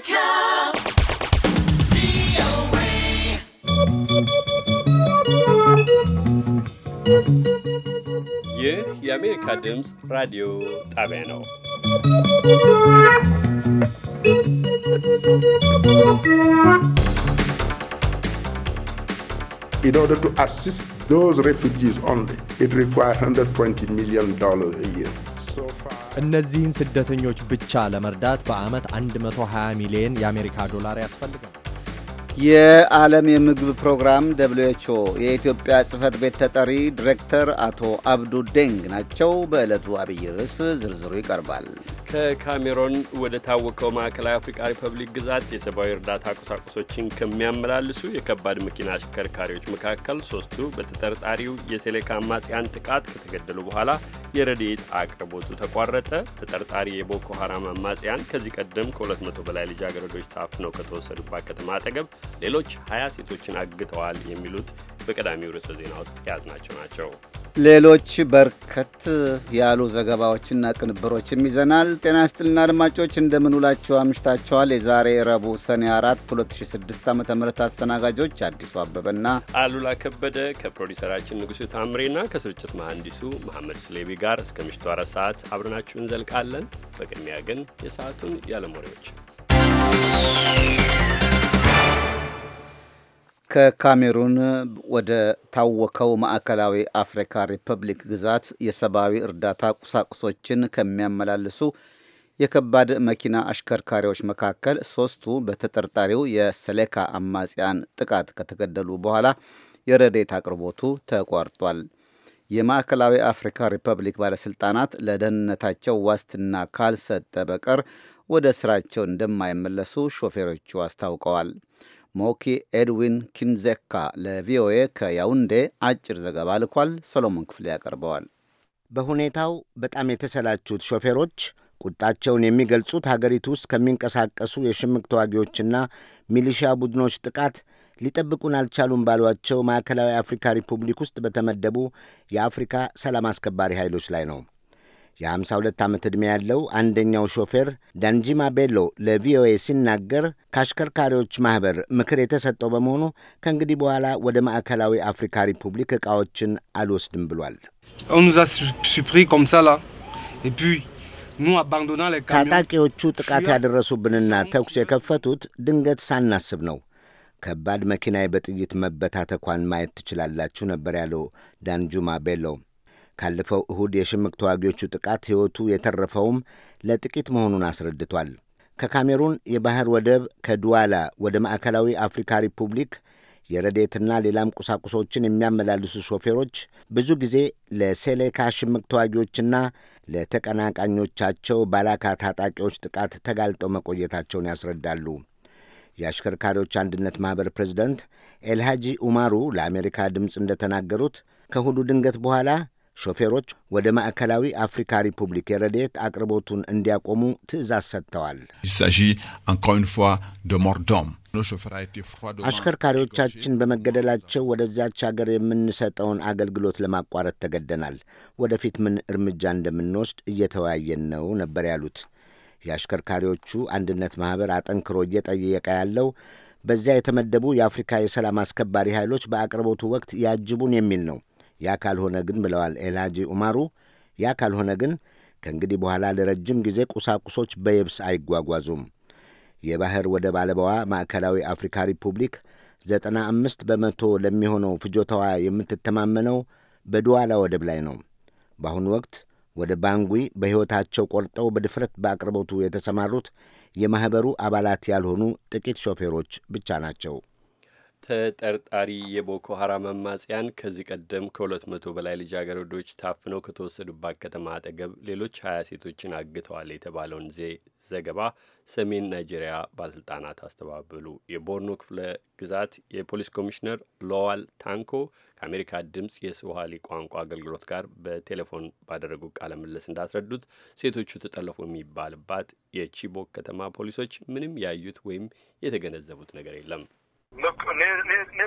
ይህ የአሜሪካ ድምፅ ራዲዮ ጣቢያ ነው። In order to assist those refugees only, it requires $120 million a year. እነዚህን ስደተኞች ብቻ ለመርዳት በዓመት 120 ሚሊዮን የአሜሪካ ዶላር ያስፈልጋል። የዓለም የምግብ ፕሮግራም ደብችኦ የኢትዮጵያ ጽህፈት ቤት ተጠሪ ዲሬክተር አቶ አብዱ ዴንግ ናቸው። በዕለቱ አብይ ርዕስ ዝርዝሩ ይቀርባል። ከካሜሮን ወደ ታወቀው ማዕከላዊ አፍሪካ ሪፐብሊክ ግዛት የሰብአዊ እርዳታ ቁሳቁሶችን ከሚያመላልሱ የከባድ መኪና አሽከርካሪዎች መካከል ሶስቱ በተጠርጣሪው የሴሌካ አማጽያን ጥቃት ከተገደሉ በኋላ የረድኤት አቅርቦቱ ተቋረጠ። ተጠርጣሪ የቦኮ ሀራም አማጽያን ከዚህ ቀደም ከ200 በላይ ልጃገረዶች ታፍነው ከተወሰዱባት ከተማ አጠገብ ሌሎች 20 ሴቶችን አግተዋል የሚሉት በቀዳሚው ርዕሰ ዜና ውስጥ የያዝናቸው ናቸው። ሌሎች በርከት ያሉ ዘገባዎችና ቅንብሮችም ይዘናል። ጤና ይስጥልና አድማጮች እንደምን አምሽታቸዋል አምሽታችኋል። የዛሬ ረቡ ሰኔ 4 2006 ዓ ም አስተናጋጆች አዲሱ አበበና አሉላ ከበደ ከፕሮዲሰራችን ንጉሱ ታምሬና ከስርጭት መሐንዲሱ መሐመድ ስሌቢ ጋር እስከ ምሽቱ አራት ሰዓት አብረናችሁ እንዘልቃለን። በቅድሚያ ግን የሰዓቱን የዓለም ወሬዎች ከካሜሩን ወደ ታወከው ማዕከላዊ አፍሪካ ሪፐብሊክ ግዛት የሰብአዊ እርዳታ ቁሳቁሶችን ከሚያመላልሱ የከባድ መኪና አሽከርካሪዎች መካከል ሶስቱ በተጠርጣሪው የሰሌካ አማጽያን ጥቃት ከተገደሉ በኋላ የረዴት አቅርቦቱ ተቋርጧል። የማዕከላዊ አፍሪካ ሪፐብሊክ ባለሥልጣናት ለደህንነታቸው ዋስትና ካልሰጠ በቀር ወደ ስራቸው እንደማይመለሱ ሾፌሮቹ አስታውቀዋል። ሞኪ ኤድዊን ኪንዜካ ለቪኦኤ ከያውንዴ አጭር ዘገባ ልኳል። ሰሎሞን ክፍሌ ያቀርበዋል። በሁኔታው በጣም የተሰላቹት ሾፌሮች ቁጣቸውን የሚገልጹት ሀገሪቱ ውስጥ ከሚንቀሳቀሱ የሽምቅ ተዋጊዎችና ሚሊሻ ቡድኖች ጥቃት ሊጠብቁን አልቻሉም ባሏቸው ማዕከላዊ አፍሪካ ሪፑብሊክ ውስጥ በተመደቡ የአፍሪካ ሰላም አስከባሪ ኃይሎች ላይ ነው። የ52 ዓመት ዕድሜ ያለው አንደኛው ሾፌር ዳንጂማ ቤሎ ለቪኦኤ ሲናገር ከአሽከርካሪዎች ማኅበር ምክር የተሰጠው በመሆኑ ከእንግዲህ በኋላ ወደ ማዕከላዊ አፍሪካ ሪፑብሊክ ዕቃዎችን አልወስድም ብሏል። ታጣቂዎቹ ጥቃት ያደረሱብንና ተኩስ የከፈቱት ድንገት ሳናስብ ነው። ከባድ መኪናዬ በጥይት መበታተኳን ማየት ትችላላችሁ ነበር ያለው ዳንጁማ ቤሎ። ካለፈው እሁድ የሽምቅ ተዋጊዎቹ ጥቃት ሕይወቱ የተረፈውም ለጥቂት መሆኑን አስረድቷል። ከካሜሩን የባህር ወደብ ከዱዋላ ወደ ማዕከላዊ አፍሪካ ሪፑብሊክ የረዴትና ሌላም ቁሳቁሶችን የሚያመላልሱ ሾፌሮች ብዙ ጊዜ ለሴሌካ ሽምቅ ተዋጊዎችና ለተቀናቃኞቻቸው ባላካ ታጣቂዎች ጥቃት ተጋልጠው መቆየታቸውን ያስረዳሉ። የአሽከርካሪዎች አንድነት ማኅበር ፕሬዚደንት ኤልሃጂ ኡማሩ ለአሜሪካ ድምፅ እንደተናገሩት ከእሁዱ ድንገት በኋላ ሾፌሮች ወደ ማዕከላዊ አፍሪካ ሪፑብሊክ የረድኤት አቅርቦቱን እንዲያቆሙ ትዕዛዝ ሰጥተዋል። አሽከርካሪዎቻችን በመገደላቸው ወደዚያች አገር የምንሰጠውን አገልግሎት ለማቋረጥ ተገደናል። ወደፊት ምን እርምጃ እንደምንወስድ እየተወያየን ነው ነበር ያሉት። የአሽከርካሪዎቹ አንድነት ማኅበር አጠንክሮ እየጠየቀ ያለው በዚያ የተመደቡ የአፍሪካ የሰላም አስከባሪ ኃይሎች በአቅርቦቱ ወቅት ያጅቡን የሚል ነው። ያ ካልሆነ ግን ብለዋል ኤልሃጂ ኡማሩ፣ ያ ካልሆነ ግን ከእንግዲህ በኋላ ለረጅም ጊዜ ቁሳቁሶች በየብስ አይጓጓዙም። የባህር ወደብ አልባዋ ማዕከላዊ አፍሪካ ሪፑብሊክ ዘጠና አምስት በመቶ ለሚሆነው ፍጆታዋ የምትተማመነው በዱዋላ ወደብ ላይ ነው። በአሁኑ ወቅት ወደ ባንጉ በሕይወታቸው ቆርጠው በድፍረት በአቅርቦቱ የተሰማሩት የማኅበሩ አባላት ያልሆኑ ጥቂት ሾፌሮች ብቻ ናቸው። ተጠርጣሪ የቦኮ ሀራም አማጽያን ከዚህ ቀደም ከሁለት መቶ በላይ ልጃገረዶች ታፍነው ከተወሰዱባት ከተማ አጠገብ ሌሎች ሀያ ሴቶችን አግተዋል የተባለውን ዘገባ ሰሜን ናይጄሪያ ባለስልጣናት አስተባበሉ። የቦርኖ ክፍለ ግዛት የፖሊስ ኮሚሽነር ሎዋል ታንኮ ከአሜሪካ ድምፅ የስዋሂሊ ቋንቋ አገልግሎት ጋር በቴሌፎን ባደረጉ ቃለ ምልልስ እንዳስረዱት ሴቶቹ ተጠለፉ የሚባልባት የቺቦክ ከተማ ፖሊሶች ምንም ያዩት ወይም የተገነዘቡት ነገር የለም። እኔህ እኔ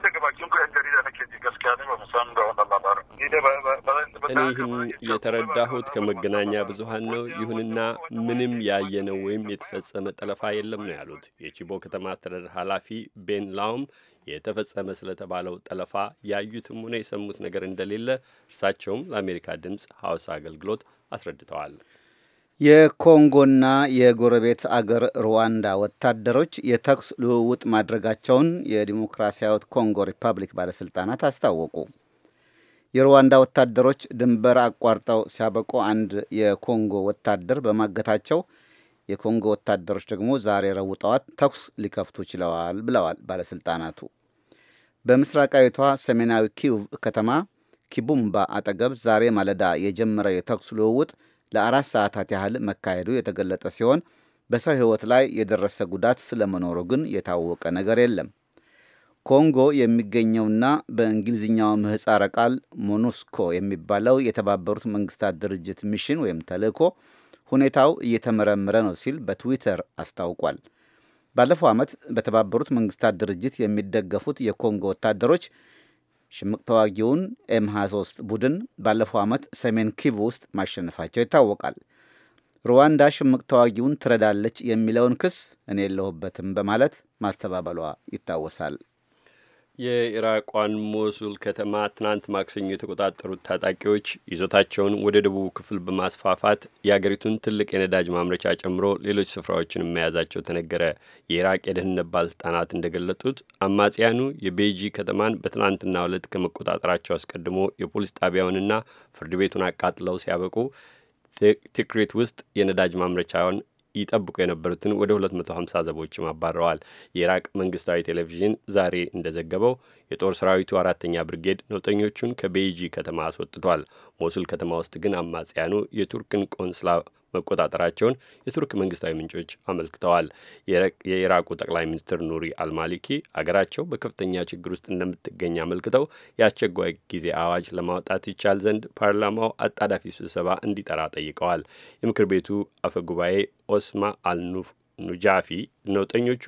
ይህን የተረዳሁት ከመገናኛ ብዙኃን ነው። ይሁንና ምንም ያየነው ወይም የተፈጸመ ጠለፋ የለም ነው ያሉት የቺቦ ከተማ አስተዳደር ኃላፊ ቤን ላውም የተፈጸመ ስለተባለው ጠለፋ ያዩትም ሆነ የሰሙት ነገር እንደሌለ እርሳቸውም ለአሜሪካ ድምፅ ሀውስ አገልግሎት አስረድተዋል። የኮንጎና የጎረቤት አገር ሩዋንዳ ወታደሮች የተኩስ ልውውጥ ማድረጋቸውን የዲሞክራሲያዊት ኮንጎ ሪፐብሊክ ባለሥልጣናት አስታወቁ። የሩዋንዳ ወታደሮች ድንበር አቋርጠው ሲያበቁ አንድ የኮንጎ ወታደር በማገታቸው የኮንጎ ወታደሮች ደግሞ ዛሬ ረውጠዋት ተኩስ ሊከፍቱ ችለዋል ብለዋል ባለሥልጣናቱ። በምስራቃዊቷ ሰሜናዊ ኪቭ ከተማ ኪቡምባ አጠገብ ዛሬ ማለዳ የጀመረው የተኩስ ልውውጥ ለአራት ሰዓታት ያህል መካሄዱ የተገለጠ ሲሆን በሰው ሕይወት ላይ የደረሰ ጉዳት ስለመኖሩ ግን የታወቀ ነገር የለም። ኮንጎ የሚገኘውና በእንግሊዝኛው ምህፃረ ቃል ሞኑስኮ የሚባለው የተባበሩት መንግስታት ድርጅት ሚሽን ወይም ተልእኮ ሁኔታው እየተመረመረ ነው ሲል በትዊተር አስታውቋል። ባለፈው ዓመት በተባበሩት መንግስታት ድርጅት የሚደገፉት የኮንጎ ወታደሮች ሽምቅ ተዋጊውን ኤም 23 ቡድን ባለፈው ዓመት ሰሜን ኪቭ ውስጥ ማሸነፋቸው ይታወቃል። ሩዋንዳ ሽምቅ ተዋጊውን ትረዳለች የሚለውን ክስ እኔ የለሁበትም በማለት ማስተባበሏ ይታወሳል። የኢራቋን ሞሱል ከተማ ትናንት ማክሰኞ የተቆጣጠሩት ታጣቂዎች ይዞታቸውን ወደ ደቡብ ክፍል በማስፋፋት የአገሪቱን ትልቅ የነዳጅ ማምረቻ ጨምሮ ሌሎች ስፍራዎችን መያዛቸው ተነገረ። የኢራቅ የደህንነት ባለስልጣናት እንደገለጡት አማጽያኑ የቤጂ ከተማን በትናንትና ዕለት ከመቆጣጠራቸው አስቀድሞ የፖሊስ ጣቢያውንና ፍርድ ቤቱን አቃጥለው ሲያበቁ ቲክሪት ውስጥ የነዳጅ ማምረቻውን ይጠብቁ የነበሩትን ወደ 250 ዘቦችም አባረዋል። የኢራቅ መንግስታዊ ቴሌቪዥን ዛሬ እንደዘገበው የጦር ሰራዊቱ አራተኛ ብርጌድ ነውጠኞቹን ከቤይጂ ከተማ አስወጥቷል። ሞሱል ከተማ ውስጥ ግን አማጽያኑ የቱርክን ቆንስላ መቆጣጠራቸውን የቱርክ መንግስታዊ ምንጮች አመልክተዋል። የኢራቁ ጠቅላይ ሚኒስትር ኑሪ አልማሊኪ አገራቸው በከፍተኛ ችግር ውስጥ እንደምትገኝ አመልክተው የአስቸኳይ ጊዜ አዋጅ ለማውጣት ይቻል ዘንድ ፓርላማው አጣዳፊ ስብሰባ እንዲጠራ ጠይቀዋል። የምክር ቤቱ አፈ ጉባኤ ኦስማ አልኑፍ ኑጃፊ ነውጠኞቹ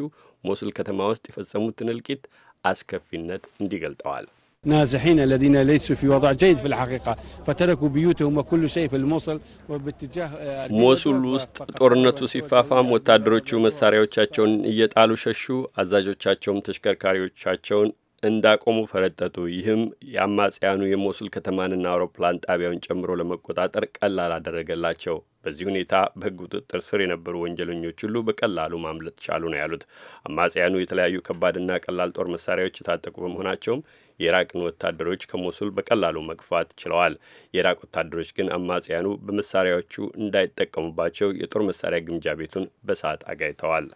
ሞስል ከተማ ውስጥ የፈጸሙትን እልቂት አስከፊነት እንዲገልጠዋል نازحين الذين ليسوا في وضع جيد في الحقيقة فتركوا بيوتهم وكل شيء في الموصل وباتجاه آه، موصل ውስጥ ጦርነቱ ሲፋፋም ወታደሮቹ መሳሪያዎቻቸውን እየጣሉ ሸሹ። አዛዦቻቸውም ተሽከርካሪዎቻቸውን እንዳቆሙ ፈረጠጡ። ይህም የአማጽያኑ የሞሱል ከተማንና አውሮፕላን ጣቢያውን ጨምሮ ለመቆጣጠር ቀላል አደረገላቸው። በዚህ ሁኔታ በሕግ ቁጥጥር ስር የነበሩ ወንጀለኞች ሁሉ በቀላሉ ማምለጥ ቻሉ ነው ያሉት። አማጽያኑ የተለያዩ ከባድና ቀላል ጦር መሳሪያዎች የታጠቁ በመሆናቸውም የኢራቅን ወታደሮች ከሞሱል በቀላሉ መግፋት ችለዋል። የኢራቅ ወታደሮች ግን አማጽያኑ በመሳሪያዎቹ እንዳይጠቀሙባቸው የጦር መሳሪያ ግምጃ ቤቱን በሰዓት አጋይተዋል።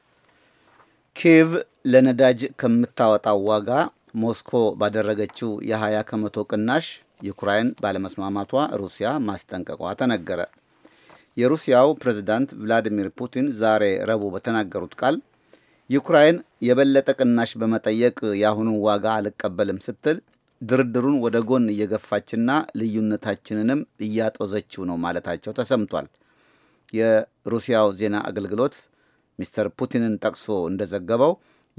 ኪየቭ ለነዳጅ ከምታወጣው ዋጋ ሞስኮ ባደረገችው የ20 ከመቶ ቅናሽ ዩክራይን ባለመስማማቷ ሩሲያ ማስጠንቀቋ ተነገረ። የሩሲያው ፕሬዝዳንት ቭላዲሚር ፑቲን ዛሬ ረቡዕ በተናገሩት ቃል ዩክራይን የበለጠ ቅናሽ በመጠየቅ የአሁኑን ዋጋ አልቀበልም ስትል ድርድሩን ወደ ጎን እየገፋችና ልዩነታችንንም እያጦዘችው ነው ማለታቸው ተሰምቷል። የሩሲያው ዜና አገልግሎት ሚስተር ፑቲንን ጠቅሶ እንደዘገበው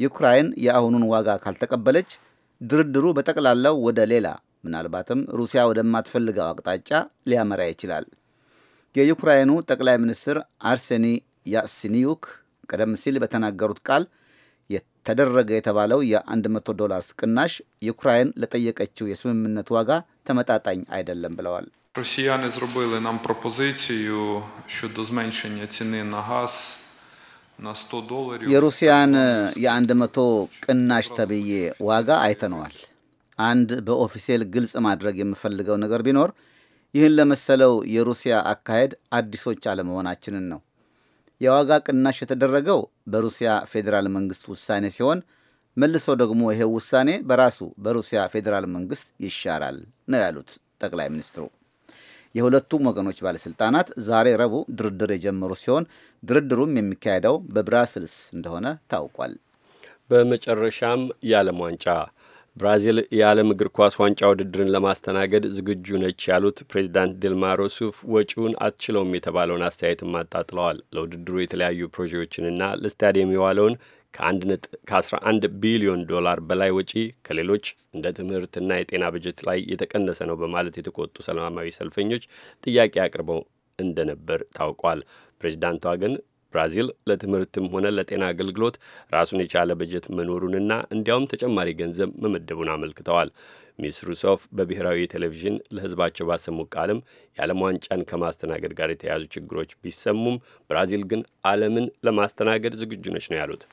ዩክራይን የአሁኑን ዋጋ ካልተቀበለች ድርድሩ በጠቅላላው ወደ ሌላ ምናልባትም ሩሲያ ወደማትፈልገው አቅጣጫ ሊያመራ ይችላል። የዩክራይኑ ጠቅላይ ሚኒስትር አርሴኒ ያስኒዩክ ቀደም ሲል በተናገሩት ቃል ተደረገ የተባለው የ100 ዶላርስ ቅናሽ ዩክራይን ለጠየቀችው የስምምነት ዋጋ ተመጣጣኝ አይደለም ብለዋል። ሩሲያኒ зробили нам пропозицію щодо зменшення የሩሲያን የአንድ መቶ ቅናሽ ተብዬ ዋጋ አይተነዋል። አንድ በኦፊሴል ግልጽ ማድረግ የምፈልገው ነገር ቢኖር ይህን ለመሰለው የሩሲያ አካሄድ አዲሶች አለመሆናችንን ነው። የዋጋ ቅናሽ የተደረገው በሩሲያ ፌዴራል መንግስት ውሳኔ ሲሆን መልሶ ደግሞ ይሄው ውሳኔ በራሱ በሩሲያ ፌዴራል መንግስት ይሻራል ነው ያሉት ጠቅላይ ሚኒስትሩ። የሁለቱም ወገኖች ባለስልጣናት ዛሬ ረቡዕ ድርድር የጀመሩ ሲሆን ድርድሩም የሚካሄደው በብራስልስ እንደሆነ ታውቋል። በመጨረሻም የዓለም ዋንጫ ብራዚል የዓለም እግር ኳስ ዋንጫ ውድድርን ለማስተናገድ ዝግጁ ነች ያሉት ፕሬዚዳንት ዲልማ ሮሱፍ ወጪውን አትችለውም የተባለውን አስተያየትም አጣጥለዋል። ለውድድሩ የተለያዩ ፕሮጀክቶችንና ለስታዲየም የዋለውን ከ11 ቢሊዮን ዶላር በላይ ወጪ ከሌሎች እንደ ትምህርትና የጤና በጀት ላይ የተቀነሰ ነው በማለት የተቆጡ ሰላማዊ ሰልፈኞች ጥያቄ አቅርበው እንደነበር ታውቋል። ፕሬዚዳንቷ ግን ብራዚል ለትምህርትም ሆነ ለጤና አገልግሎት ራሱን የቻለ በጀት መኖሩንና እንዲያውም ተጨማሪ ገንዘብ መመደቡን አመልክተዋል። ሚስ ሩሶፍ በብሔራዊ ቴሌቪዥን ለሕዝባቸው ባሰሙ ቃልም የዓለም ዋንጫን ከማስተናገድ ጋር የተያያዙ ችግሮች ቢሰሙም ብራዚል ግን ዓለምን ለማስተናገድ ዝግጁ ነች ነው ያሉት።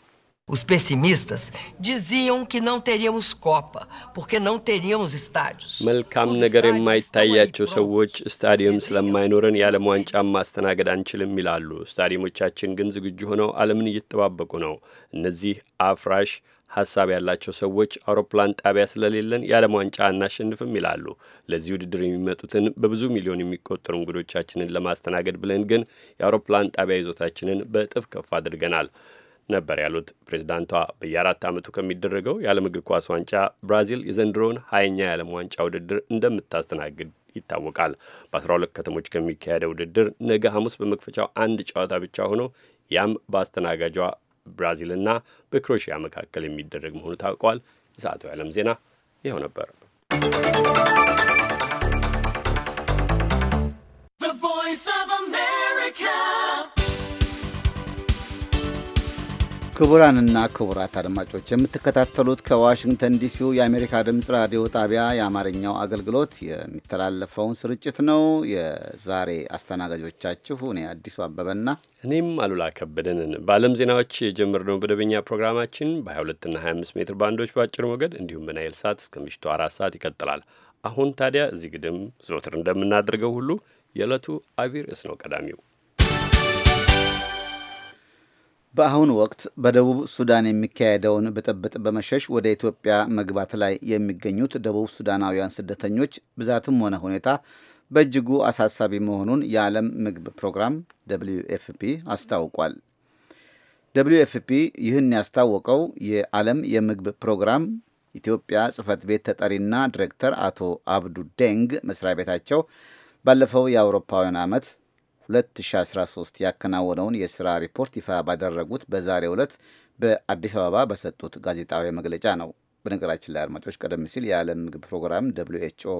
Os pessimistas diziam que não teríamos Copa, porque não teríamos estádios. መልካም ነገር የማይታያቸው ሰዎች ስታዲየም ስለማይኖረን የዓለም ዋንጫ um ማስተናገድ አንችልም ይላሉ። ስታዲየሞቻችን ግን ዝግጁ ሆነው ዓለምን እየተጠባበቁ ነው። እነዚህ አፍራሽ ሀሳብ ያላቸው ሰዎች አውሮፕላን ጣቢያ ስለሌለን የዓለም ዋንጫ አናሸንፍም ይላሉ። ለዚህ ውድድር የሚመጡትን በብዙ ሚሊዮን የሚቆጠሩ እንግዶቻችንን ለማስተናገድ ብለን ግን የአውሮፕላን ጣቢያ ይዞታችንን በእጥፍ ከፍ አድርገናል። ነበር ያሉት ፕሬዚዳንቷ። በየአራት ዓመቱ ከሚደረገው የዓለም እግር ኳስ ዋንጫ ብራዚል የዘንድሮውን ሀያኛ የዓለም ዋንጫ ውድድር እንደምታስተናግድ ይታወቃል። በ12 ከተሞች ከሚካሄደው ውድድር ነገ ሐሙስ በመክፈቻው አንድ ጨዋታ ብቻ ሆኖ ያም በአስተናጋጇ ብራዚልና በክሮሽያ መካከል የሚደረግ መሆኑ ታውቋል። የሰዓቱ የዓለም ዜና ይኸው ነበር። ክቡራንና ክቡራት አድማጮች የምትከታተሉት ከዋሽንግተን ዲሲው የአሜሪካ ድምፅ ራዲዮ ጣቢያ የአማርኛው አገልግሎት የሚተላለፈውን ስርጭት ነው። የዛሬ አስተናጋጆቻችሁ እኔ አዲሱ አበበና እኔም አሉላ ከበደንን በዓለም ዜናዎች የጀመርነው መደበኛ ፕሮግራማችን በ22ና 25 ሜትር ባንዶች በአጭር ሞገድ እንዲሁም በናይል ሳት እስከ ምሽቱ አራት ሰዓት ይቀጥላል። አሁን ታዲያ እዚህ ግድም ዘወትር እንደምናደርገው ሁሉ የዕለቱ አቢይ ርዕስ ነው ቀዳሚው በአሁኑ ወቅት በደቡብ ሱዳን የሚካሄደውን ብጥብጥ በመሸሽ ወደ ኢትዮጵያ መግባት ላይ የሚገኙት ደቡብ ሱዳናውያን ስደተኞች ብዛትም ሆነ ሁኔታ በእጅጉ አሳሳቢ መሆኑን የዓለም ምግብ ፕሮግራም ደብልዩ ኤፍፒ አስታውቋል። ደብልዩ ኤፍፒ ይህን ያስታወቀው የዓለም የምግብ ፕሮግራም ኢትዮጵያ ጽህፈት ቤት ተጠሪና ዲሬክተር አቶ አብዱ ደንግ መስሪያ ቤታቸው ባለፈው የአውሮፓውያን ዓመት 2013 ያከናወነውን የስራ ሪፖርት ይፋ ባደረጉት በዛሬ ዕለት በአዲስ አበባ በሰጡት ጋዜጣዊ መግለጫ ነው። በነገራችን ላይ አድማጮች፣ ቀደም ሲል የዓለም ምግብ ፕሮግራም ደብሊው ኤች ኦ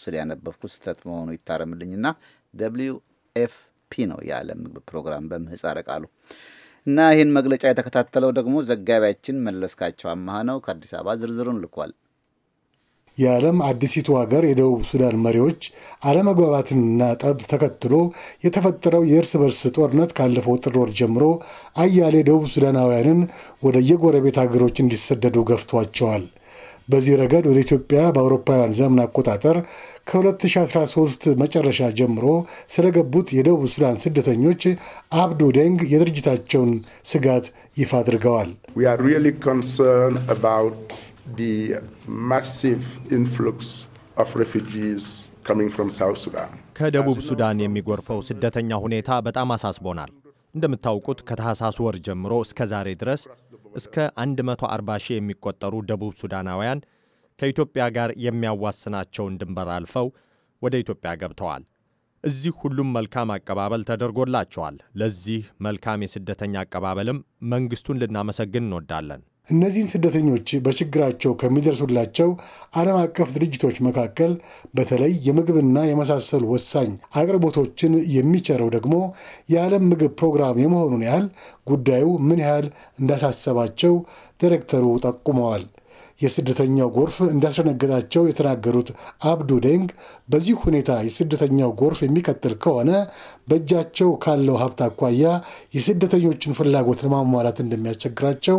ስል ያነበብኩት ስህተት መሆኑ ይታረምልኝና ደብሊው ኤፍ ፒ ነው የዓለም ምግብ ፕሮግራም በምህጻረ ቃሉ እና ይህን መግለጫ የተከታተለው ደግሞ ዘጋቢያችን መለስካቸው አመሃ ነው። ከአዲስ አበባ ዝርዝሩን ልኳል። የዓለም አዲሲቱ ሀገር የደቡብ ሱዳን መሪዎች አለመግባባትንና ጠብ ተከትሎ የተፈጠረው የእርስ በርስ ጦርነት ካለፈው ጥር ወር ጀምሮ አያሌ ደቡብ ሱዳናውያንን ወደ የጎረቤት ሀገሮች እንዲሰደዱ ገፍቷቸዋል። በዚህ ረገድ ወደ ኢትዮጵያ በአውሮፓውያን ዘመን አቆጣጠር ከ2013 መጨረሻ ጀምሮ ስለገቡት የደቡብ ሱዳን ስደተኞች አብዱ ደንግ የድርጅታቸውን ስጋት ይፋ አድርገዋል። the massive influx of refugees coming from South Sudan. ከደቡብ ሱዳን የሚጎርፈው ስደተኛ ሁኔታ በጣም አሳስቦናል። እንደምታውቁት ከታህሳስ ወር ጀምሮ እስከ ዛሬ ድረስ እስከ 140 ሺህ የሚቆጠሩ ደቡብ ሱዳናውያን ከኢትዮጵያ ጋር የሚያዋስናቸውን ድንበር አልፈው ወደ ኢትዮጵያ ገብተዋል። እዚህ ሁሉም መልካም አቀባበል ተደርጎላቸዋል። ለዚህ መልካም የስደተኛ አቀባበልም መንግስቱን ልናመሰግን እንወዳለን። እነዚህን ስደተኞች በችግራቸው ከሚደርሱላቸው ዓለም አቀፍ ድርጅቶች መካከል በተለይ የምግብና የመሳሰሉ ወሳኝ አቅርቦቶችን የሚቸረው ደግሞ የዓለም ምግብ ፕሮግራም የመሆኑን ያህል ጉዳዩ ምን ያህል እንዳሳሰባቸው ዳይሬክተሩ ጠቁመዋል። የስደተኛው ጎርፍ እንዳስደነገጣቸው የተናገሩት አብዱ ደንግ በዚህ ሁኔታ የስደተኛው ጎርፍ የሚቀጥል ከሆነ በእጃቸው ካለው ሀብት አኳያ የስደተኞችን ፍላጎት ለማሟላት እንደሚያስቸግራቸው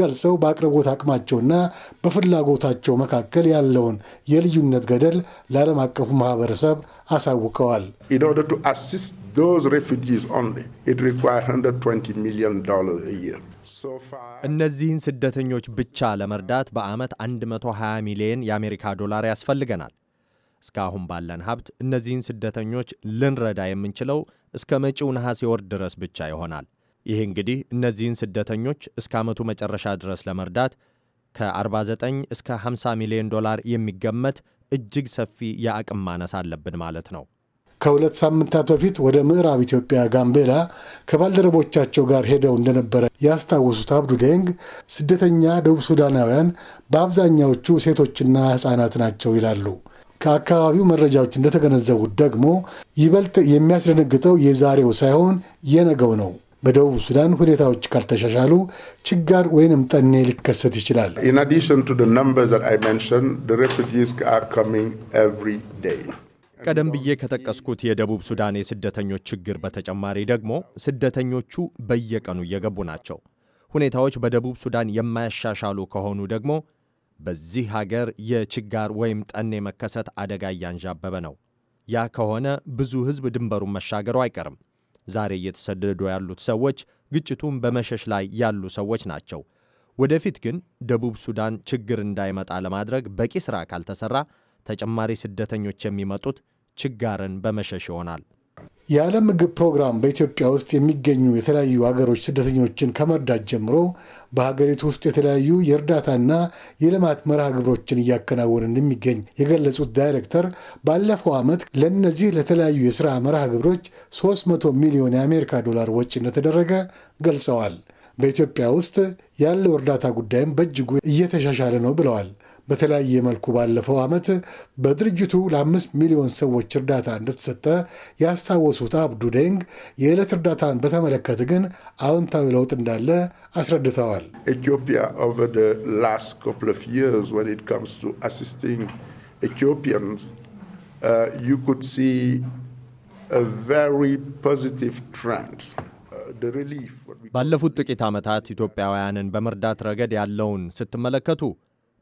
ገልጸው በአቅርቦት አቅማቸውና በፍላጎታቸው መካከል ያለውን የልዩነት ገደል ለዓለም አቀፉ ማህበረሰብ አሳውቀዋል። ሚሊዮን ዶላር እነዚህን ስደተኞች ብቻ ለመርዳት በዓመት 120 ሚሊዮን የአሜሪካ ዶላር ያስፈልገናል። እስካሁን ባለን ሀብት እነዚህን ስደተኞች ልንረዳ የምንችለው እስከ መጪው ነሐሴ ወር ድረስ ብቻ ይሆናል። ይህ እንግዲህ እነዚህን ስደተኞች እስከ ዓመቱ መጨረሻ ድረስ ለመርዳት ከ49 እስከ 50 ሚሊዮን ዶላር የሚገመት እጅግ ሰፊ የአቅም ማነስ አለብን ማለት ነው። ከሁለት ሳምንታት በፊት ወደ ምዕራብ ኢትዮጵያ ጋምቤላ ከባልደረቦቻቸው ጋር ሄደው እንደነበረ ያስታወሱት አብዱ ዴንግ ስደተኛ ደቡብ ሱዳናውያን በአብዛኛዎቹ ሴቶችና ሕፃናት ናቸው ይላሉ። ከአካባቢው መረጃዎች እንደተገነዘቡት ደግሞ ይበልጥ የሚያስደነግጠው የዛሬው ሳይሆን የነገው ነው። በደቡብ ሱዳን ሁኔታዎች ካልተሻሻሉ ችጋር ወይንም ጠኔ ሊከሰት ይችላል። ኢን አዲሽን ቱ ዘ ነምበርስ አይ ሜንሽንድ ዘ ሬፉጂስ አር ኤቭሪ ዴይ ቀደም ብዬ ከጠቀስኩት የደቡብ ሱዳን የስደተኞች ችግር በተጨማሪ ደግሞ ስደተኞቹ በየቀኑ እየገቡ ናቸው። ሁኔታዎች በደቡብ ሱዳን የማያሻሻሉ ከሆኑ ደግሞ በዚህ ሀገር የችጋር ወይም ጠኔ መከሰት አደጋ እያንዣበበ ነው። ያ ከሆነ ብዙ ሕዝብ ድንበሩን መሻገሩ አይቀርም። ዛሬ እየተሰደዱ ያሉት ሰዎች ግጭቱን በመሸሽ ላይ ያሉ ሰዎች ናቸው። ወደፊት ግን ደቡብ ሱዳን ችግር እንዳይመጣ ለማድረግ በቂ ሥራ ካልተሠራ ተጨማሪ ስደተኞች የሚመጡት ችጋርን በመሸሽ ይሆናል። የዓለም ምግብ ፕሮግራም በኢትዮጵያ ውስጥ የሚገኙ የተለያዩ ሀገሮች ስደተኞችን ከመርዳት ጀምሮ በሀገሪቱ ውስጥ የተለያዩ የእርዳታና የልማት መርሃ ግብሮችን እያከናወነ እንደሚገኝ የገለጹት ዳይሬክተር ባለፈው ዓመት ለእነዚህ ለተለያዩ የሥራ መርሃ ግብሮች 300 ሚሊዮን የአሜሪካ ዶላር ወጪ እንደተደረገ ገልጸዋል። በኢትዮጵያ ውስጥ ያለው እርዳታ ጉዳይም በእጅጉ እየተሻሻለ ነው ብለዋል። በተለያየ መልኩ ባለፈው ዓመት በድርጅቱ ለአምስት ሚሊዮን ሰዎች እርዳታ እንደተሰጠ ያስታወሱት አብዱ ደንግ የዕለት እርዳታን በተመለከተ ግን አዎንታዊ ለውጥ እንዳለ አስረድተዋል። ኢትዮጵያ ኦቨር ዘ ላስት ኮፕል ኦፍ ይርስ ኢት ካምስ ቱ አሲስቲንግ ኢትዮጵያንስ ዩ ኩድ ሲ ፖዚቲቭ ባለፉት ጥቂት ዓመታት ኢትዮጵያውያንን በመርዳት ረገድ ያለውን ስትመለከቱ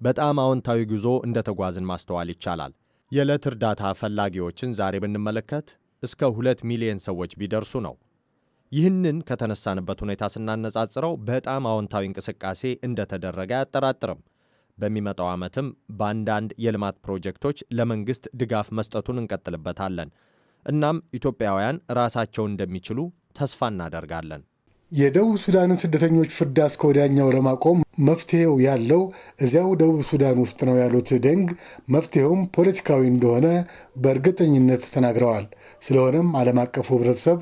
በጣም አዎንታዊ ጉዞ እንደተጓዝን ማስተዋል ይቻላል። የዕለት እርዳታ ፈላጊዎችን ዛሬ ብንመለከት እስከ ሁለት ሚሊዮን ሰዎች ቢደርሱ ነው። ይህንን ከተነሳንበት ሁኔታ ስናነጻጽረው በጣም አዎንታዊ እንቅስቃሴ እንደተደረገ አያጠራጥርም። በሚመጣው ዓመትም በአንዳንድ የልማት ፕሮጀክቶች ለመንግሥት ድጋፍ መስጠቱን እንቀጥልበታለን። እናም ኢትዮጵያውያን ራሳቸውን እንደሚችሉ ተስፋ እናደርጋለን። የደቡብ ሱዳንን ስደተኞች ፍርድ እስከ ወዲያኛው ለማቆም መፍትሄው ያለው እዚያው ደቡብ ሱዳን ውስጥ ነው ያሉት ደንግ፣ መፍትሄውም ፖለቲካዊ እንደሆነ በእርግጠኝነት ተናግረዋል። ስለሆነም ዓለም አቀፉ ሕብረተሰብ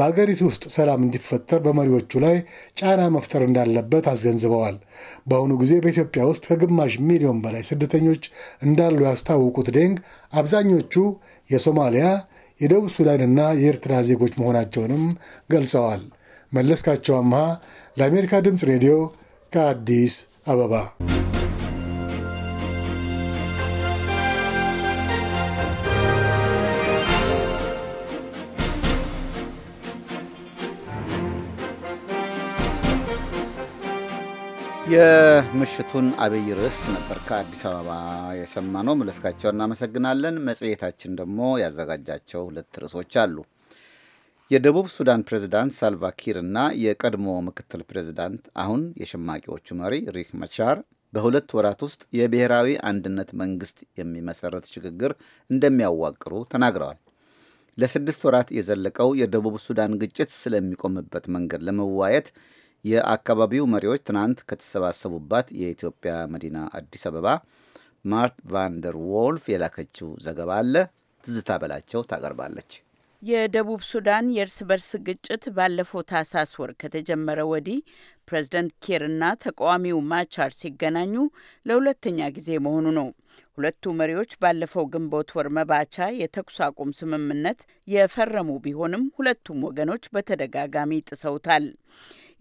በአገሪቱ ውስጥ ሰላም እንዲፈጠር በመሪዎቹ ላይ ጫና መፍጠር እንዳለበት አስገንዝበዋል። በአሁኑ ጊዜ በኢትዮጵያ ውስጥ ከግማሽ ሚሊዮን በላይ ስደተኞች እንዳሉ ያስታወቁት ደንግ አብዛኞቹ የሶማሊያ፣ የደቡብ ሱዳንና የኤርትራ ዜጎች መሆናቸውንም ገልጸዋል። መለስካቸው አምሃ ለአሜሪካ ድምፅ ሬዲዮ ከአዲስ አበባ የምሽቱን አብይ ርዕስ ነበር ከአዲስ አበባ የሰማነው። መለስካቸው እናመሰግናለን። መጽሔታችን ደግሞ ያዘጋጃቸው ሁለት ርዕሶች አሉ። የደቡብ ሱዳን ፕሬዝዳንት ሳልቫኪር እና የቀድሞ ምክትል ፕሬዝዳንት አሁን የሸማቂዎቹ መሪ ሪክ መቻር በሁለት ወራት ውስጥ የብሔራዊ አንድነት መንግስት የሚመሰረት ሽግግር እንደሚያዋቅሩ ተናግረዋል። ለስድስት ወራት የዘለቀው የደቡብ ሱዳን ግጭት ስለሚቆምበት መንገድ ለመዋየት የአካባቢው መሪዎች ትናንት ከተሰባሰቡባት የኢትዮጵያ መዲና አዲስ አበባ ማርት ቫንደር ዎልፍ የላከችው ዘገባ አለ። ትዝታ በላቸው ታቀርባለች። የደቡብ ሱዳን የእርስ በርስ ግጭት ባለፈው ታህሳስ ወር ከተጀመረ ወዲህ ፕሬዚደንት ኪርና ተቃዋሚው ማቻር ሲገናኙ ለሁለተኛ ጊዜ መሆኑ ነው። ሁለቱ መሪዎች ባለፈው ግንቦት ወር መባቻ የተኩስ አቁም ስምምነት የፈረሙ ቢሆንም ሁለቱም ወገኖች በተደጋጋሚ ጥሰውታል።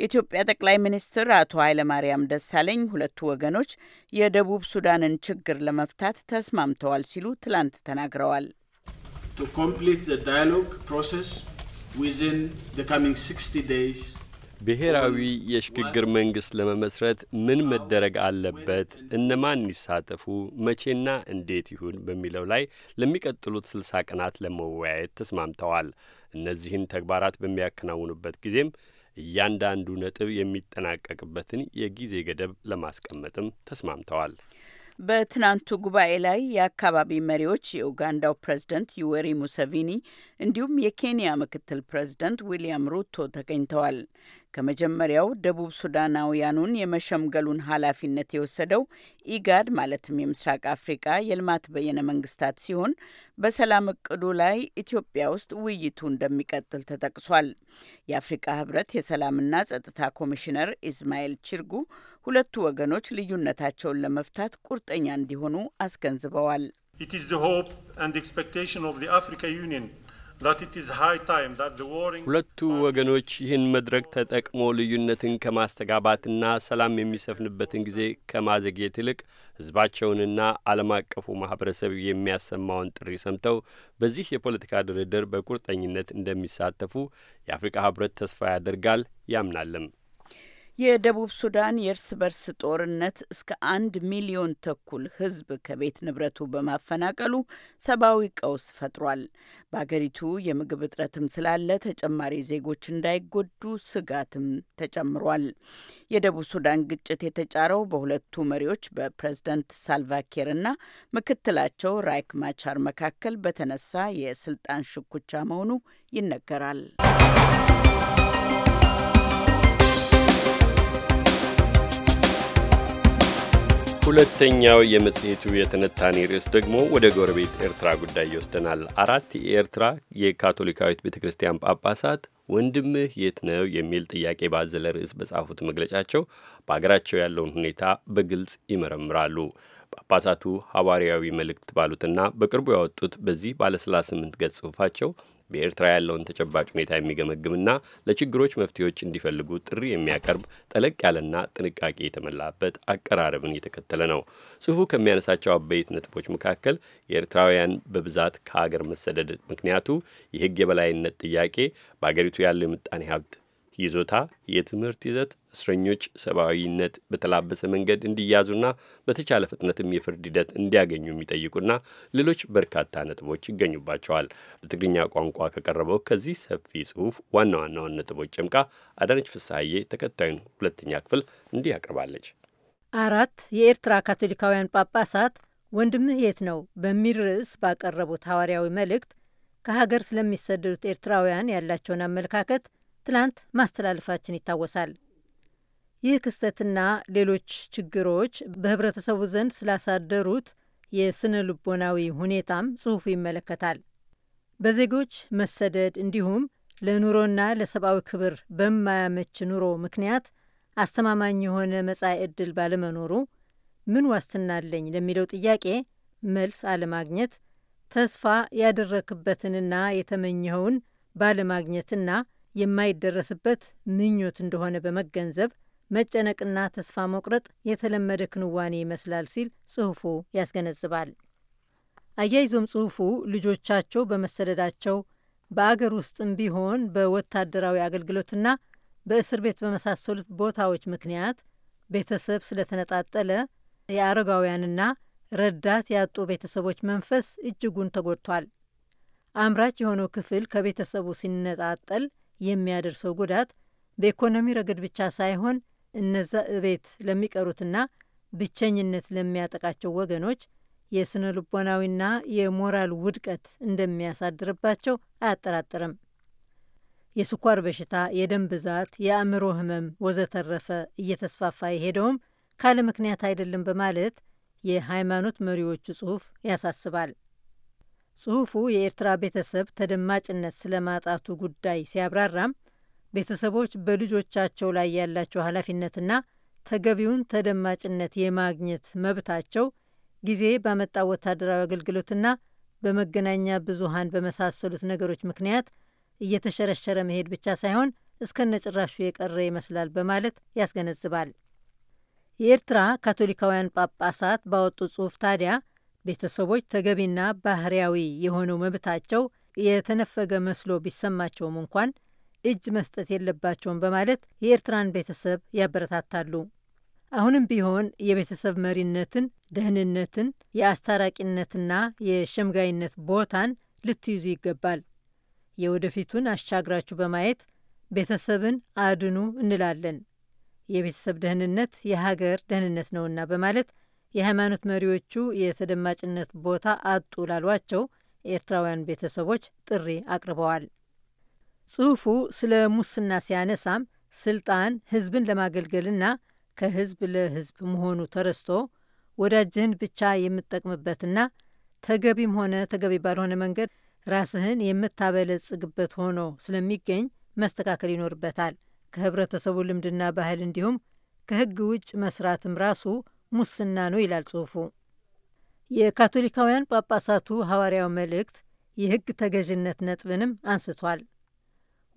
የኢትዮጵያ ጠቅላይ ሚኒስትር አቶ ኃይለማርያም ደሳለኝ ሁለቱ ወገኖች የደቡብ ሱዳንን ችግር ለመፍታት ተስማምተዋል ሲሉ ትላንት ተናግረዋል። to complete the dialogue process within the coming 60 days. ብሔራዊ የሽግግር መንግስት ለመመስረት ምን መደረግ አለበት፣ እነማን ይሳተፉ፣ መቼና እንዴት ይሁን በሚለው ላይ ለሚቀጥሉት ስልሳ ቀናት ለመወያየት ተስማምተዋል። እነዚህን ተግባራት በሚያከናውኑበት ጊዜም እያንዳንዱ ነጥብ የሚጠናቀቅበትን የጊዜ ገደብ ለማስቀመጥም ተስማምተዋል። በትናንቱ ጉባኤ ላይ የአካባቢ መሪዎች የኡጋንዳው ፕሬዝደንት ዩዌሪ ሙሰቪኒ እንዲሁም የኬንያ ምክትል ፕሬዝደንት ዊልያም ሩቶ ተገኝተዋል። ከመጀመሪያው ደቡብ ሱዳናውያኑን የመሸምገሉን ኃላፊነት የወሰደው ኢጋድ ማለትም የምስራቅ አፍሪቃ የልማት በየነ መንግስታት ሲሆን በሰላም እቅዱ ላይ ኢትዮጵያ ውስጥ ውይይቱ እንደሚቀጥል ተጠቅሷል። የአፍሪቃ ህብረት የሰላምና ጸጥታ ኮሚሽነር ኢስማኤል ቺርጉ ሁለቱ ወገኖች ልዩነታቸውን ለመፍታት ቁርጠኛ እንዲሆኑ አስገንዝበዋል። It is the hope and expectation of the Africa Union ሁለቱ ወገኖች ይህን መድረክ ተጠቅሞ ልዩነትን ከማስተጋባትና ሰላም የሚሰፍንበትን ጊዜ ከማዘግየት ይልቅ ሕዝባቸውንና ዓለም አቀፉ ማህበረሰብ የሚያሰማውን ጥሪ ሰምተው በዚህ የፖለቲካ ድርድር በቁርጠኝነት እንደሚሳተፉ የአፍሪካ ሕብረት ተስፋ ያደርጋል ያምናለም። የደቡብ ሱዳን የእርስ በርስ ጦርነት እስከ አንድ ሚሊዮን ተኩል ሕዝብ ከቤት ንብረቱ በማፈናቀሉ ሰብአዊ ቀውስ ፈጥሯል። በአገሪቱ የምግብ እጥረትም ስላለ ተጨማሪ ዜጎች እንዳይጎዱ ስጋትም ተጨምሯል። የደቡብ ሱዳን ግጭት የተጫረው በሁለቱ መሪዎች በፕሬዝዳንት ሳልቫኪር እና ምክትላቸው ራይክ ማቻር መካከል በተነሳ የስልጣን ሽኩቻ መሆኑ ይነገራል። ሁለተኛው የመጽሔቱ የትንታኔ ርዕስ ደግሞ ወደ ጎረቤት ኤርትራ ጉዳይ ይወስደናል። አራት የኤርትራ የካቶሊካዊት ቤተ ክርስቲያን ጳጳሳት ወንድምህ የት ነው የሚል ጥያቄ ባዘለ ርዕስ በጻፉት መግለጫቸው በሀገራቸው ያለውን ሁኔታ በግልጽ ይመረምራሉ። ጳጳሳቱ ሐዋርያዊ መልእክት ባሉትና በቅርቡ ያወጡት በዚህ ባለ 38 ገጽ ጽሑፋቸው በኤርትራ ያለውን ተጨባጭ ሁኔታ የሚገመግምና ለችግሮች መፍትሄዎች እንዲፈልጉ ጥሪ የሚያቀርብ ጠለቅ ያለና ጥንቃቄ የተመላበት አቀራረብን የተከተለ ነው። ጽሁፉ ከሚያነሳቸው አበይት ነጥቦች መካከል የኤርትራውያን በብዛት ከሀገር መሰደድ ምክንያቱ የህግ የበላይነት ጥያቄ፣ በአገሪቱ ያለው የምጣኔ ሀብት ይዞታ፣ የትምህርት ይዘት እስረኞች ሰብአዊነት በተላበሰ መንገድ እንዲያዙና በተቻለ ፍጥነትም የፍርድ ሂደት እንዲያገኙ የሚጠይቁና ሌሎች በርካታ ነጥቦች ይገኙባቸዋል። በትግርኛ ቋንቋ ከቀረበው ከዚህ ሰፊ ጽሁፍ ዋና ዋናውን ነጥቦች ጨምቃ አዳነች ፍስሐዬ ተከታዩን ሁለተኛ ክፍል እንዲህ አቅርባለች። አራት የኤርትራ ካቶሊካውያን ጳጳሳት ወንድምህ የት ነው በሚል ርዕስ ባቀረቡት ሐዋርያዊ መልእክት ከሀገር ስለሚሰደዱት ኤርትራውያን ያላቸውን አመለካከት ትላንት ማስተላለፋችን ይታወሳል። ይህ ክስተትና ሌሎች ችግሮች በህብረተሰቡ ዘንድ ስላሳደሩት የስነ ልቦናዊ ሁኔታም ጽሑፉ ይመለከታል። በዜጎች መሰደድ እንዲሁም ለኑሮና ለሰብአዊ ክብር በማያመች ኑሮ ምክንያት አስተማማኝ የሆነ መጻኢ ዕድል ባለመኖሩ ምን ዋስትና አለኝ ለሚለው ጥያቄ መልስ አለማግኘት፣ ተስፋ ያደረክበትንና የተመኘኸውን ባለማግኘትና የማይደረስበት ምኞት እንደሆነ በመገንዘብ መጨነቅና ተስፋ መቁረጥ የተለመደ ክንዋኔ ይመስላል ሲል ጽሑፉ ያስገነዝባል። አያይዞም ጽሑፉ ልጆቻቸው በመሰደዳቸው በአገር ውስጥም ቢሆን በወታደራዊ አገልግሎትና በእስር ቤት በመሳሰሉት ቦታዎች ምክንያት ቤተሰብ ስለተነጣጠለ የአረጋውያንና ረዳት ያጡ ቤተሰቦች መንፈስ እጅጉን ተጎድቷል። አምራች የሆነው ክፍል ከቤተሰቡ ሲነጣጠል የሚያደርሰው ጉዳት በኢኮኖሚ ረገድ ብቻ ሳይሆን እነዛ እቤት ለሚቀሩትና ብቸኝነት ለሚያጠቃቸው ወገኖች የስነ ልቦናዊና የሞራል ውድቀት እንደሚያሳድርባቸው አያጠራጥርም። የስኳር በሽታ፣ የደም ብዛት፣ የአእምሮ ህመም ወዘተረፈ እየተስፋፋ የሄደውም ካለ ምክንያት አይደለም በማለት የሃይማኖት መሪዎቹ ጽሑፍ ያሳስባል። ጽሑፉ የኤርትራ ቤተሰብ ተደማጭነት ስለማጣቱ ጉዳይ ሲያብራራም ቤተሰቦች በልጆቻቸው ላይ ያላቸው ኃላፊነትና ተገቢውን ተደማጭነት የማግኘት መብታቸው ጊዜ ባመጣ ወታደራዊ አገልግሎትና በመገናኛ ብዙሃን በመሳሰሉት ነገሮች ምክንያት እየተሸረሸረ መሄድ ብቻ ሳይሆን እስከነጭራሹ የቀረ ይመስላል በማለት ያስገነዝባል። የኤርትራ ካቶሊካውያን ጳጳሳት ባወጡት ጽሑፍ ታዲያ ቤተሰቦች ተገቢና ባህርያዊ የሆነው መብታቸው የተነፈገ መስሎ ቢሰማቸውም እንኳን እጅ መስጠት የለባቸውም በማለት የኤርትራን ቤተሰብ ያበረታታሉ። አሁንም ቢሆን የቤተሰብ መሪነትን፣ ደህንነትን፣ የአስታራቂነትና የሸምጋይነት ቦታን ልትይዙ ይገባል። የወደፊቱን አሻግራችሁ በማየት ቤተሰብን አድኑ እንላለን። የቤተሰብ ደህንነት የሀገር ደህንነት ነውና በማለት የሃይማኖት መሪዎቹ የተደማጭነት ቦታ አጡ ላሏቸው ኤርትራውያን ቤተሰቦች ጥሪ አቅርበዋል። ጽሑፉ ስለ ሙስና ሲያነሳም ስልጣን ህዝብን ለማገልገልና ከህዝብ ለህዝብ መሆኑ ተረስቶ ወዳጅህን ብቻ የምትጠቅምበትና ተገቢም ሆነ ተገቢ ባልሆነ መንገድ ራስህን የምታበለጽግበት ሆኖ ስለሚገኝ መስተካከል ይኖርበታል። ከህብረተሰቡ ልምድና ባህል እንዲሁም ከህግ ውጭ መስራትም ራሱ ሙስና ነው ይላል ጽሑፉ። የካቶሊካውያን ጳጳሳቱ ሐዋርያው መልእክት የህግ ተገዥነት ነጥብንም አንስቷል።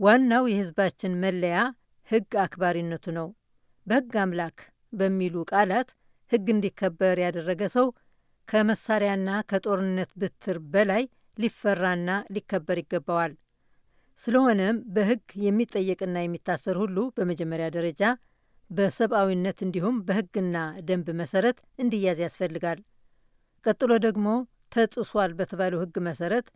ዋናው የህዝባችን መለያ ሕግ አክባሪነቱ ነው። በሕግ አምላክ በሚሉ ቃላት ሕግ እንዲከበር ያደረገ ሰው ከመሳሪያና ከጦርነት ብትር በላይ ሊፈራና ሊከበር ይገባዋል። ስለሆነም በሕግ የሚጠየቅና የሚታሰር ሁሉ በመጀመሪያ ደረጃ በሰብአዊነት እንዲሁም በሕግና ደንብ መሰረት እንዲያዝ ያስፈልጋል። ቀጥሎ ደግሞ ተጥሷል በተባለው ሕግ መሰረት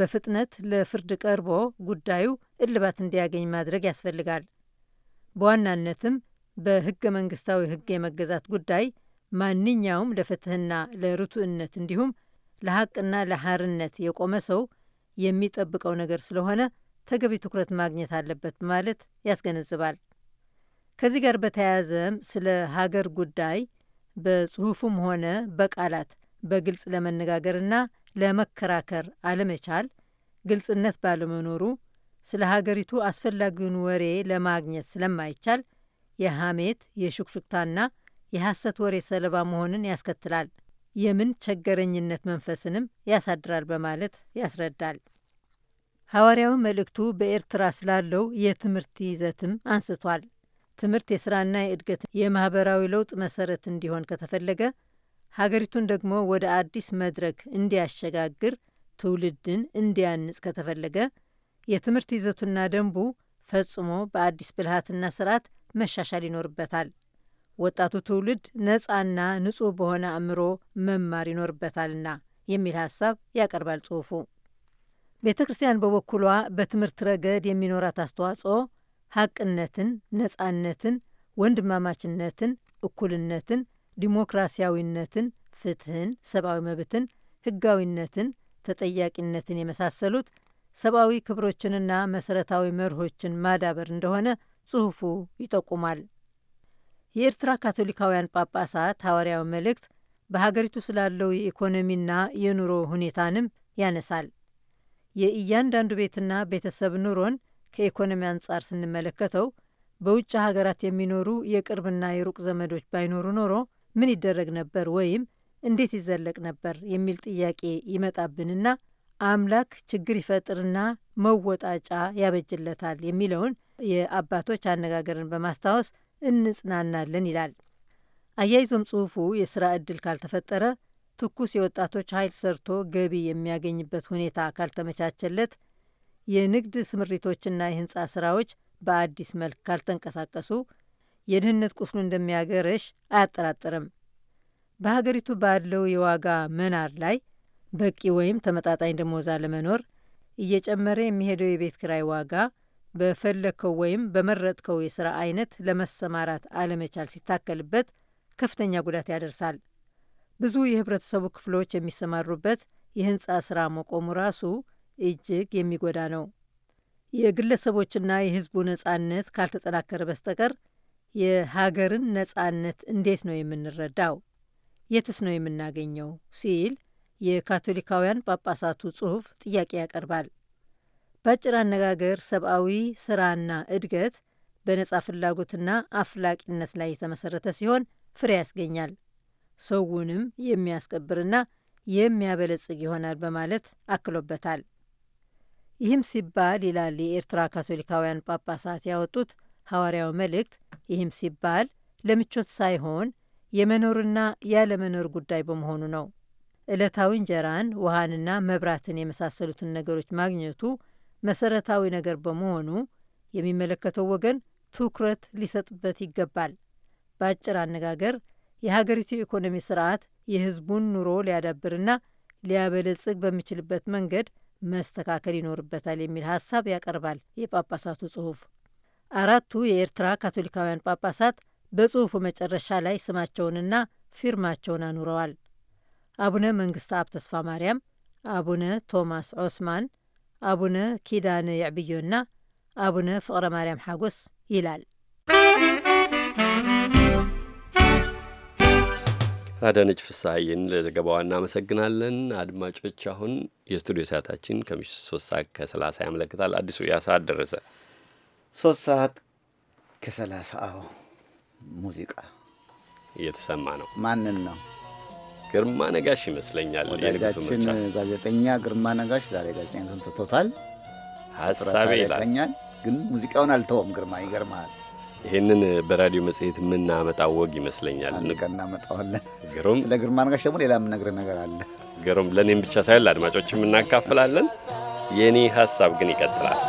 በፍጥነት ለፍርድ ቀርቦ ጉዳዩ እልባት እንዲያገኝ ማድረግ ያስፈልጋል። በዋናነትም በህገ መንግስታዊ ህግ የመገዛት ጉዳይ ማንኛውም ለፍትህና ለርቱዕነት እንዲሁም ለሐቅና ለሐርነት የቆመ ሰው የሚጠብቀው ነገር ስለሆነ ተገቢ ትኩረት ማግኘት አለበት ማለት ያስገነዝባል። ከዚህ ጋር በተያያዘም ስለ ሀገር ጉዳይ በጽሑፉም ሆነ በቃላት በግልጽ ለመነጋገርና ለመከራከር አለመቻል ግልጽነት ባለመኖሩ ስለ ሀገሪቱ አስፈላጊውን ወሬ ለማግኘት ስለማይቻል የሐሜት የሹክሹክታና የሐሰት ወሬ ሰለባ መሆንን ያስከትላል። የምን ቸገረኝነት መንፈስንም ያሳድራል በማለት ያስረዳል። ሐዋርያዊ መልእክቱ በኤርትራ ስላለው የትምህርት ይዘትም አንስቷል። ትምህርት የሥራና የእድገት የማኅበራዊ ለውጥ መሰረት እንዲሆን ከተፈለገ ሀገሪቱን ደግሞ ወደ አዲስ መድረክ እንዲያሸጋግር ትውልድን እንዲያንጽ ከተፈለገ የትምህርት ይዘቱና ደንቡ ፈጽሞ በአዲስ ብልሃትና ስርዓት መሻሻል ይኖርበታል። ወጣቱ ትውልድ ነፃና ንጹሕ በሆነ አእምሮ መማር ይኖርበታልና የሚል ሀሳብ ያቀርባል ጽሑፉ። ቤተ ክርስቲያን በበኩሏ በትምህርት ረገድ የሚኖራት አስተዋጽኦ ሀቅነትን፣ ነጻነትን፣ ወንድማማችነትን፣ እኩልነትን ዲሞክራሲያዊነትን፣ ፍትህን፣ ሰብአዊ መብትን፣ ህጋዊነትን፣ ተጠያቂነትን የመሳሰሉት ሰብአዊ ክብሮችንና መሰረታዊ መርሆችን ማዳበር እንደሆነ ጽሑፉ ይጠቁማል። የኤርትራ ካቶሊካውያን ጳጳሳት ሐዋርያዊ መልእክት በሀገሪቱ ስላለው የኢኮኖሚና የኑሮ ሁኔታንም ያነሳል። የእያንዳንዱ ቤትና ቤተሰብ ኑሮን ከኢኮኖሚ አንጻር ስንመለከተው በውጭ ሀገራት የሚኖሩ የቅርብና የሩቅ ዘመዶች ባይኖሩ ኖሮ ምን ይደረግ ነበር ወይም እንዴት ይዘለቅ ነበር የሚል ጥያቄ ይመጣብንና አምላክ ችግር ይፈጥርና መወጣጫ ያበጅለታል የሚለውን የአባቶች አነጋገርን በማስታወስ እንጽናናለን ይላል። አያይዞም ጽሑፉ የሥራ ዕድል ካልተፈጠረ፣ ትኩስ የወጣቶች ኃይል ሰርቶ ገቢ የሚያገኝበት ሁኔታ ካልተመቻቸለት፣ የንግድ ስምሪቶችና የሕንፃ ሥራዎች በአዲስ መልክ ካልተንቀሳቀሱ የድህነት ቁስሉ እንደሚያገረሽ አያጠራጥርም። በሀገሪቱ ባለው የዋጋ መናር ላይ በቂ ወይም ተመጣጣኝ ደሞዛ ለመኖር እየጨመረ የሚሄደው የቤት ክራይ ዋጋ፣ በፈለግከው ወይም በመረጥከው የሥራ አይነት ለመሰማራት አለመቻል ሲታከልበት ከፍተኛ ጉዳት ያደርሳል። ብዙ የህብረተሰቡ ክፍሎች የሚሰማሩበት የህንፃ ሥራ መቆሙ ራሱ እጅግ የሚጎዳ ነው። የግለሰቦችና የህዝቡ ነጻነት ካልተጠናከረ በስተቀር የሀገርን ነጻነት እንዴት ነው የምንረዳው? የትስ ነው የምናገኘው? ሲል የካቶሊካውያን ጳጳሳቱ ጽሑፍ ጥያቄ ያቀርባል። በአጭር አነጋገር ሰብአዊ ስራና እድገት በነጻ ፍላጎትና አፍላቂነት ላይ የተመሰረተ ሲሆን ፍሬ ያስገኛል፣ ሰውንም የሚያስከብርና የሚያበለጽግ ይሆናል በማለት አክሎበታል። ይህም ሲባል ይላል የኤርትራ ካቶሊካውያን ጳጳሳት ያወጡት ሐዋርያው መልእክት ይህም ሲባል ለምቾት ሳይሆን የመኖርና ያለመኖር ጉዳይ በመሆኑ ነው። ዕለታዊ እንጀራን ውሃንና መብራትን የመሳሰሉትን ነገሮች ማግኘቱ መሰረታዊ ነገር በመሆኑ የሚመለከተው ወገን ትኩረት ሊሰጥበት ይገባል። በአጭር አነጋገር የሀገሪቱ የኢኮኖሚ ስርዓት የሕዝቡን ኑሮ ሊያዳብርና ሊያበለጽግ በሚችልበት መንገድ መስተካከል ይኖርበታል የሚል ሀሳብ ያቀርባል የጳጳሳቱ ጽሑፍ። አራቱ የኤርትራ ካቶሊካውያን ጳጳሳት በጽሑፉ መጨረሻ ላይ ስማቸውንና ፊርማቸውን አኑረዋል። አቡነ መንግስተ አብ ተስፋ ማርያም፣ አቡነ ቶማስ ዖስማን፣ አቡነ ኪዳነ የዕብዮና አቡነ ፍቅረ ማርያም ሓጎስ ይላል። አዳነች ፍስሐዬን ለዘገባዋ እናመሰግናለን። አድማጮች አሁን የስቱዲዮ ሰዓታችን ከምሽቱ ሶስት ሰዓት ከሰላሳ ያመለክታል። አዲሱ ያ ሰዓት ደረሰ። ሶስት ሰዓት ከሰላሳ አዎ ሙዚቃ እየተሰማ ነው። ማንን ነው? ግርማ ነጋሽ ይመስለኛል። ወዳጃችን ጋዜጠኛ ግርማ ነጋሽ ዛሬ ጋዜጠኛ ትቶታል። ሀሳቤ ይላል ግን ሙዚቃውን አልተወም። ግርማ ይገርማል። ይህንን በራዲዮ መጽሔት የምናመጣው ወግ ይመስለኛል። እናመጣዋለን። ግሩም። ስለ ግርማ ነጋሽ ደግሞ ሌላ የምነግርህ ነገር አለ። ግሩም። ለእኔም ብቻ ሳይሆን ለአድማጮችም እናካፍላለን። የእኔ ሀሳብ ግን ይቀጥላል።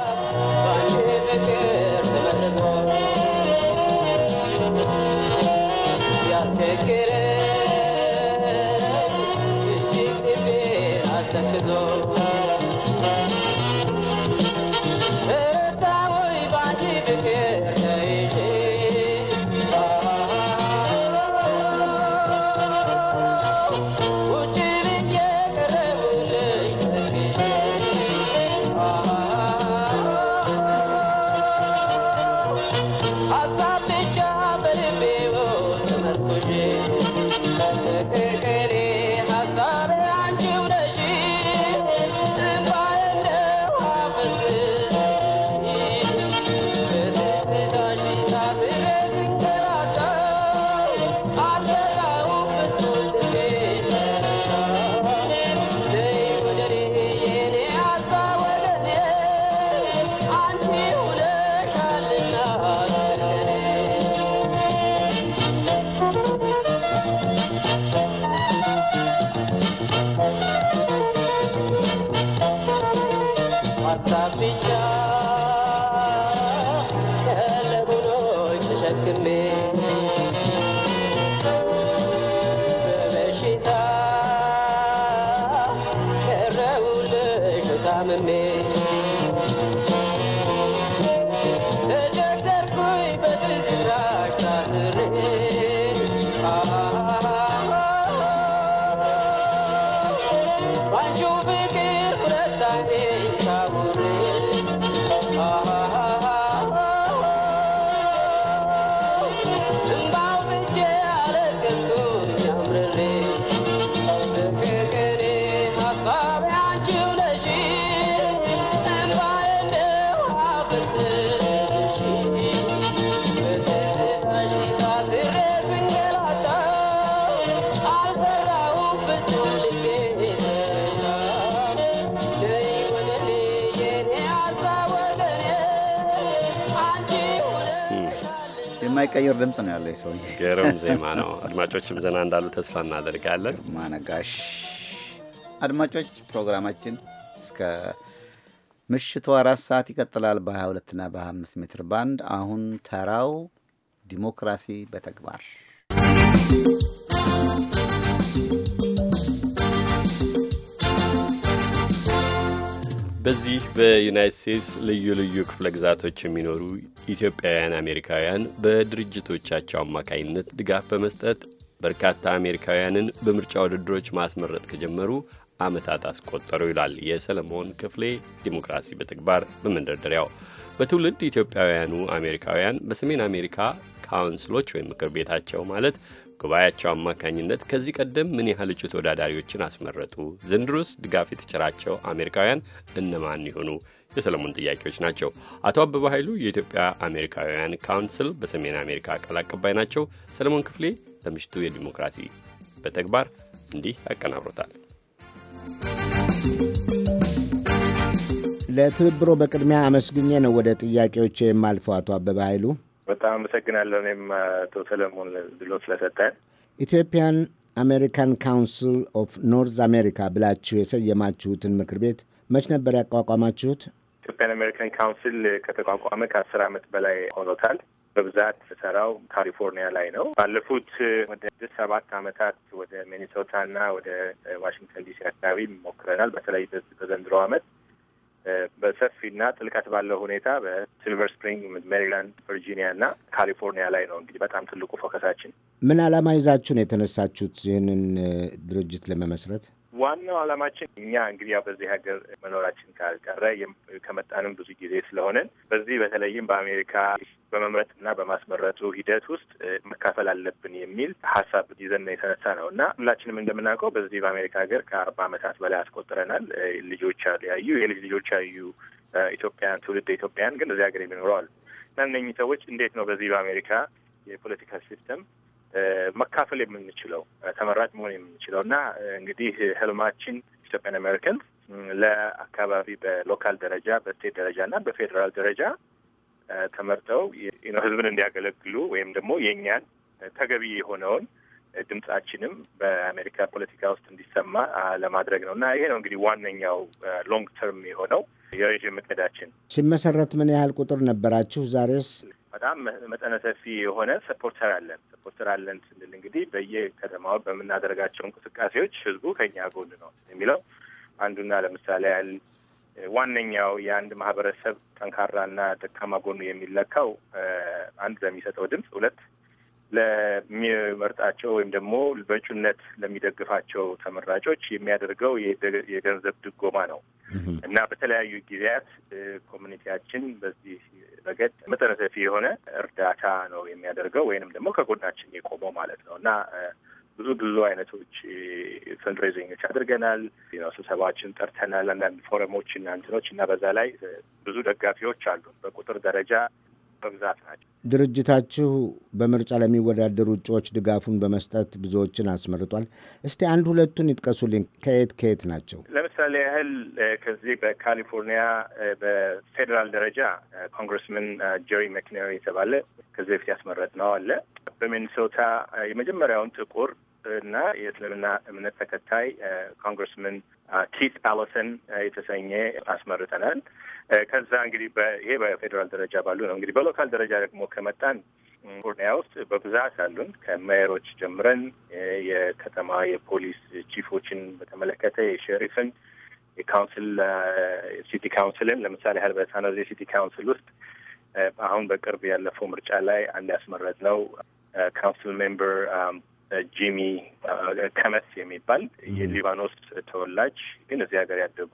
የማይቀይር ድምጽ ነው ያለው ሰው። ግሩም ዜማ ነው። አድማጮችም ዘና እንዳሉ ተስፋ እናደርጋለን። ግርማ ነጋሽ። አድማጮች ፕሮግራማችን እስከ ምሽቱ አራት ሰዓት ይቀጥላል በ 22 እና በ25 ሜትር ባንድ። አሁን ተራው ዲሞክራሲ በተግባር በዚህ በዩናይት ስቴትስ ልዩ ልዩ ክፍለ ግዛቶች የሚኖሩ ኢትዮጵያውያን አሜሪካውያን በድርጅቶቻቸው አማካይነት ድጋፍ በመስጠት በርካታ አሜሪካውያንን በምርጫ ውድድሮች ማስመረጥ ከጀመሩ ዓመታት አስቆጠሩ ይላል የሰለሞን ክፍሌ ዲሞክራሲ በተግባር በመንደርደሪያው። በትውልድ ኢትዮጵያውያኑ አሜሪካውያን በሰሜን አሜሪካ ካውንስሎች ወይም ምክር ቤታቸው ማለት ጉባኤያቸው አማካኝነት ከዚህ ቀደም ምን ያህል እጩ ተወዳዳሪዎችን አስመረጡ? ዘንድሮስ ድጋፍ የተቸራቸው አሜሪካውያን እነማን ይሆኑ? የሰለሞን ጥያቄዎች ናቸው። አቶ አበበ ኃይሉ የኢትዮጵያ አሜሪካውያን ካውንስል በሰሜን አሜሪካ ቃል አቀባይ ናቸው። ሰለሞን ክፍሌ ለምሽቱ የዲሞክራሲ በተግባር እንዲህ ያቀናብሮታል። ለትብብሮ በቅድሚያ አመስግኜ ነው ወደ ጥያቄዎች የማልፈው። አቶ አበበ ኃይሉ በጣም አመሰግናለሁ። እኔም አቶ ሰለሞን ድሎ ስለሰጠን ኢትዮጵያን አሜሪካን ካውንስል ኦፍ ኖርዝ አሜሪካ ብላችሁ የሰየማችሁትን ምክር ቤት መች ነበር ያቋቋማችሁት? ኢትዮጵያን አሜሪካን ካውንስል ከተቋቋመ ከአስር ዓመት በላይ ሆኖታል። በብዛት ሰራው ካሊፎርኒያ ላይ ነው። ባለፉት ወደ ሰባት አመታት ወደ ሚኒሶታና ወደ ዋሽንግተን ዲሲ አካባቢ ሞክረናል። በተለይ በዘንድሮ ዓመት በሰፊና ጥልቀት ባለው ሁኔታ በሲልቨር ስፕሪንግ፣ ሜሪላንድ፣ ቨርጂኒያና ካሊፎርኒያ ላይ ነው እንግዲህ በጣም ትልቁ ፎከሳችን። ምን ዓላማ ይዛችሁ ነው የተነሳችሁት ይህንን ድርጅት ለመመስረት? ዋናው ዓላማችን እኛ እንግዲህ ያው በዚህ ሀገር መኖራችን ካልቀረ ከመጣንም ብዙ ጊዜ ስለሆነን በዚህ በተለይም በአሜሪካ በመምረጥና በማስመረጡ ሂደት ውስጥ መካፈል አለብን የሚል ሀሳብ ይዘን የተነሳ ነው እና ሁላችንም እንደምናውቀው በዚህ በአሜሪካ ሀገር ከአርባ ዓመታት በላይ አስቆጥረናል። ልጆች ያዩ የልጅ ልጆች ያዩ ኢትዮጵያን ትውልድ ኢትዮጵያን ግን እዚህ ሀገር የሚኖረዋል እና እነኚህ ሰዎች እንዴት ነው በዚህ በአሜሪካ የፖለቲካ ሲስተም መካፈል የምንችለው ተመራጭ መሆን የምንችለው እና እንግዲህ ህልማችን ኢትዮጵያን አሜሪካን ለአካባቢ በሎካል ደረጃ በስቴት ደረጃ እና በፌዴራል ደረጃ ተመርጠው ህዝብን እንዲያገለግሉ ወይም ደግሞ የእኛን ተገቢ የሆነውን ድምጻችንም በአሜሪካ ፖለቲካ ውስጥ እንዲሰማ ለማድረግ ነው እና ይሄ ነው እንግዲህ ዋነኛው ሎንግ ተርም የሆነው የረዥም እቅዳችን። ሲመሰረት ምን ያህል ቁጥር ነበራችሁ? ዛሬስ? በጣም መጠነ ሰፊ የሆነ ሰፖርተር አለን። ሰፖርተር አለን ስንል እንግዲህ በየከተማው በምናደርጋቸው እንቅስቃሴዎች ህዝቡ ከኛ ጎን ነው የሚለው አንዱና ለምሳሌ ያህል ዋነኛው የአንድ ማህበረሰብ ጠንካራና ደካማ ጎኑ የሚለካው አንድ በሚሰጠው ድምፅ፣ ሁለት ለሚመርጣቸው ወይም ደግሞ በእጩነት ለሚደግፋቸው ተመራጮች የሚያደርገው የገንዘብ ድጎማ ነው እና በተለያዩ ጊዜያት ኮሚኒቲያችን በዚህ ረገድ መጠነ ሰፊ የሆነ እርዳታ ነው የሚያደርገው ወይንም ደግሞ ከጎናችን የቆመው ማለት ነው እና ብዙ ብዙ አይነቶች ፈንድሬዚንጎች አድርገናል። ስብሰባዎችን ጠርተናል። አንዳንድ ፎረሞች እና እንትኖች እና በዛ ላይ ብዙ ደጋፊዎች አሉ። በቁጥር ደረጃ በብዛት ናቸው። ድርጅታችሁ በምርጫ ለሚወዳደሩ እጩዎች ድጋፉን በመስጠት ብዙዎችን አስመርጧል። እስቲ አንድ ሁለቱን ይጥቀሱልኝ። ከየት ከየት ናቸው? ለምሳሌ ያህል ከዚህ በካሊፎርኒያ በፌዴራል ደረጃ ኮንግረስመን ጀሪ መክኔሪ የተባለ ከዚህ በፊት ያስመረጥ ነው አለ። በሚኒሶታ የመጀመሪያውን ጥቁር እና የእስልምና እምነት ተከታይ ኮንግረስመን ኪት አለሰን የተሰኘ አስመርጠናል። ከዛ እንግዲህ ይሄ በፌዴራል ደረጃ ባሉ ነው። እንግዲህ በሎካል ደረጃ ደግሞ ከመጣን ቡርኒያ ውስጥ በብዛት አሉን። ከሜየሮች ጀምረን የከተማ የፖሊስ ቺፎችን በተመለከተ የሸሪፍን የካውንስል ሲቲ ካውንስልን ለምሳሌ ያህል በሳኖዜ ሲቲ ካውንስል ውስጥ አሁን በቅርብ ያለፈው ምርጫ ላይ አንድ ያስመረጥነው ካውንስል ሜምበር ጂሚ ከመስ የሚባል የሊባኖስ ተወላጅ ግን እዚህ ሀገር ያደጉ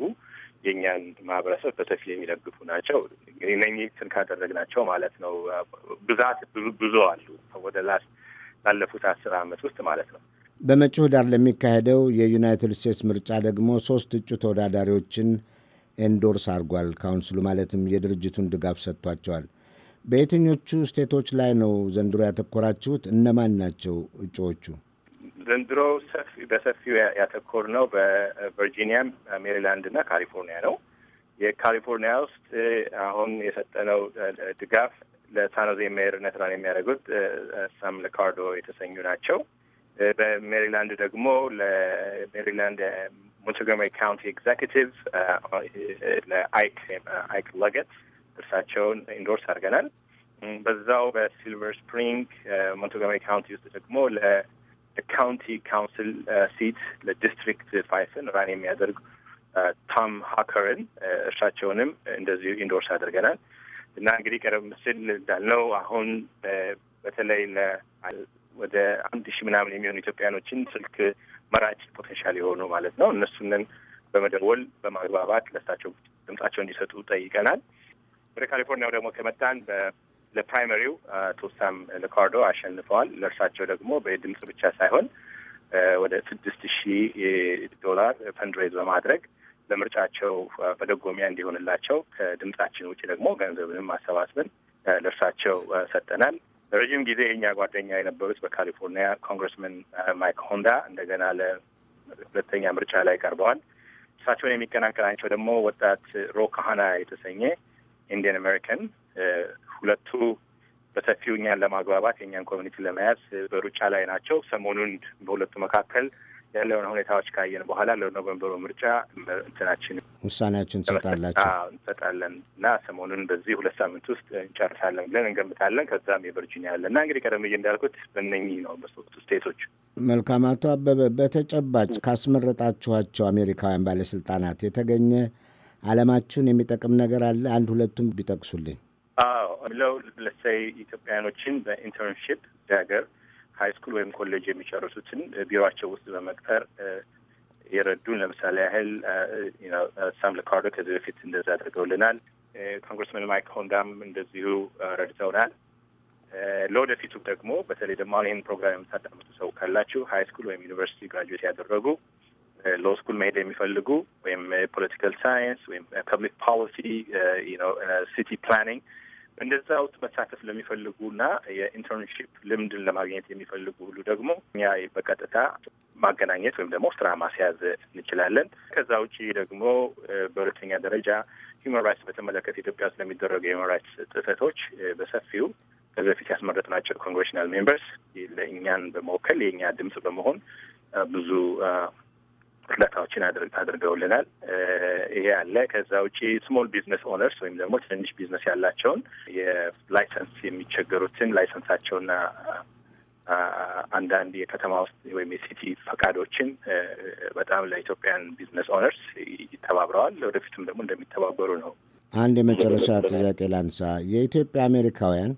የእኛን ማህበረሰብ በሰፊ የሚደግፉ ናቸው። እነኚህ ካደረግ ናቸው ማለት ነው ብዛት ብዙ አሉ ወደ ላስ ላለፉት አስር አመት ውስጥ ማለት ነው። በመጪው ዳር ለሚካሄደው የዩናይትድ ስቴትስ ምርጫ ደግሞ ሶስት እጩ ተወዳዳሪዎችን ኤንዶርስ አድርጓል። ካውንስሉ ማለትም የድርጅቱን ድጋፍ ሰጥቷቸዋል። በየትኞቹ ስቴቶች ላይ ነው ዘንድሮ ያተኮራችሁት? እነማን ናቸው እጩዎቹ? ዘንድሮ በሰፊው ያተኮር ነው በቨርጂኒያ፣ ሜሪላንድ እና ካሊፎርኒያ ነው። የካሊፎርኒያ ውስጥ አሁን የሰጠነው ድጋፍ ለሳኖዜ ሜር ነትራን የሚያደርጉት ሳም ሊካርዶ የተሰኙ ናቸው። በሜሪላንድ ደግሞ ለሜሪላንድ ሞንትጎመሪ ካውንቲ ኤግዜኪቲቭ ለአይክ አይክ ለገት እርሳቸውን ኢንዶርስ አድርገናል። በዛው በሲልቨር ስፕሪንግ ሞንትጎመሪ ካውንቲ ውስጥ ደግሞ ለካውንቲ ካውንስል ሲት ለዲስትሪክት ፋይፍን ራን የሚያደርግ ቶም ሃከርን እርሳቸውንም እንደዚሁ ኢንዶርስ አድርገናል እና እንግዲህ ቀደም ሲል እንዳልነው አሁን በተለይ ወደ አንድ ሺህ ምናምን የሚሆኑ ኢትዮጵያኖችን ስልክ መራጭ ፖቴንሻል የሆኑ ማለት ነው እነሱንን በመደወል በማግባባት ለእሳቸው ድምጻቸው እንዲሰጡ ጠይቀናል። ወደ ካሊፎርኒያው ደግሞ ከመጣን ለፕራይመሪው አቶ ሳም ሊካርዶ አሸንፈዋል። ለእርሳቸው ደግሞ በድምፅ ብቻ ሳይሆን ወደ ስድስት ሺህ ዶላር ፈንድሬዝ በማድረግ ለምርጫቸው መደጎሚያ እንዲሆንላቸው ከድምጻችን ውጭ ደግሞ ገንዘብንም አሰባስበን ለእርሳቸው ሰጠናል። ረዥም ጊዜ የኛ ጓደኛ የነበሩት በካሊፎርኒያ ኮንግረስመን ማይክ ሆንዳ እንደገና ለሁለተኛ ምርጫ ላይ ቀርበዋል። እርሳቸውን የሚቀናቀናቸው ደግሞ ወጣት ሮ ካሃና የተሰኘ ኢንዲያን አሜሪካን ሁለቱ በሰፊው እኛን ለማግባባት የእኛን ኮሚኒቲ ለመያዝ በሩጫ ላይ ናቸው። ሰሞኑን በሁለቱ መካከል ያለውን ሁኔታዎች ካየን በኋላ ለኖቨምበሩ ምርጫ እንትናችን ውሳኔያችን ትሰጣላችሁ እንሰጣለን እና ሰሞኑን በዚህ ሁለት ሳምንት ውስጥ እንጨርሳለን ብለን እንገምታለን። ከዛም የቨርጂኒያ ያለ እና እንግዲህ ቀደም ብዬ እንዳልኩት በእነኚህ ነው በሶስቱ ስቴቶች። መልካም አቶ አበበ፣ በተጨባጭ ካስመረጣችኋቸው አሜሪካውያን ባለስልጣናት የተገኘ አለማችሁን የሚጠቅም ነገር አለ? አንድ ሁለቱም ቢጠቅሱልኝ። አዎ ለው ለሳይ ኢትዮጵያውያኖችን በኢንተርንሽፕ ሀገር ሀይ ስኩል ወይም ኮሌጅ የሚጨርሱትን ቢሮቸው ውስጥ በመቅጠር የረዱን ለምሳሌ ያህል ሳም ልካርዶ ከዚህ በፊት እንደዛ አድርገውልናል። ኮንግረስመን ማይክ ሆንዳም እንደዚሁ ረድተውናል። ለወደፊቱ ደግሞ በተለይ ደግሞ አሁን ይህን ፕሮግራም የምታዳምጡ ሰው ካላችሁ ሀይ ስኩል ወይም ዩኒቨርሲቲ ግራጁዌት ያደረጉ ሎስኩል መሄድ የሚፈልጉ ወይም ፖለቲካል uh, ሳይንስ ወይም ፐብሊክ ፖሊሲ ሲቲ ፕላኒንግ እንደዛ ውስጥ መሳተፍ ለሚፈልጉ እና የኢንተርንሽፕ ልምድን ለማግኘት የሚፈልጉ ሁሉ ደግሞ እኛ በቀጥታ ማገናኘት ወይም ደግሞ ስራ ማስያዝ እንችላለን። ከዛ ውጭ ደግሞ uh, በሁለተኛ ደረጃ ሂውማን ራይትስ በተመለከተ ኢትዮጵያ ውስጥ ለሚደረጉ የሂውማን ራይትስ ጥሰቶች uh, በሰፊው ከዚህ በፊት ያስመረጥናቸው ኮንግሬሽናል ሜምበርስ ለእኛን በመወከል የእኛ ድምፅ በመሆን ብዙ እርዳታዎችን አድርገውልናል። ይሄ አለ። ከዛ ውጪ ስሞል ቢዝነስ ኦነርስ ወይም ደግሞ ትንንሽ ቢዝነስ ያላቸውን የላይሰንስ የሚቸገሩትን ላይሰንሳቸውና አንዳንድ የከተማ ውስጥ ወይም የሲቲ ፈቃዶችን በጣም ለኢትዮጵያን ቢዝነስ ኦነርስ ተባብረዋል። ወደፊቱም ደግሞ እንደሚተባበሩ ነው። አንድ የመጨረሻ ጥያቄ ላንሳ። የኢትዮጵያ አሜሪካውያን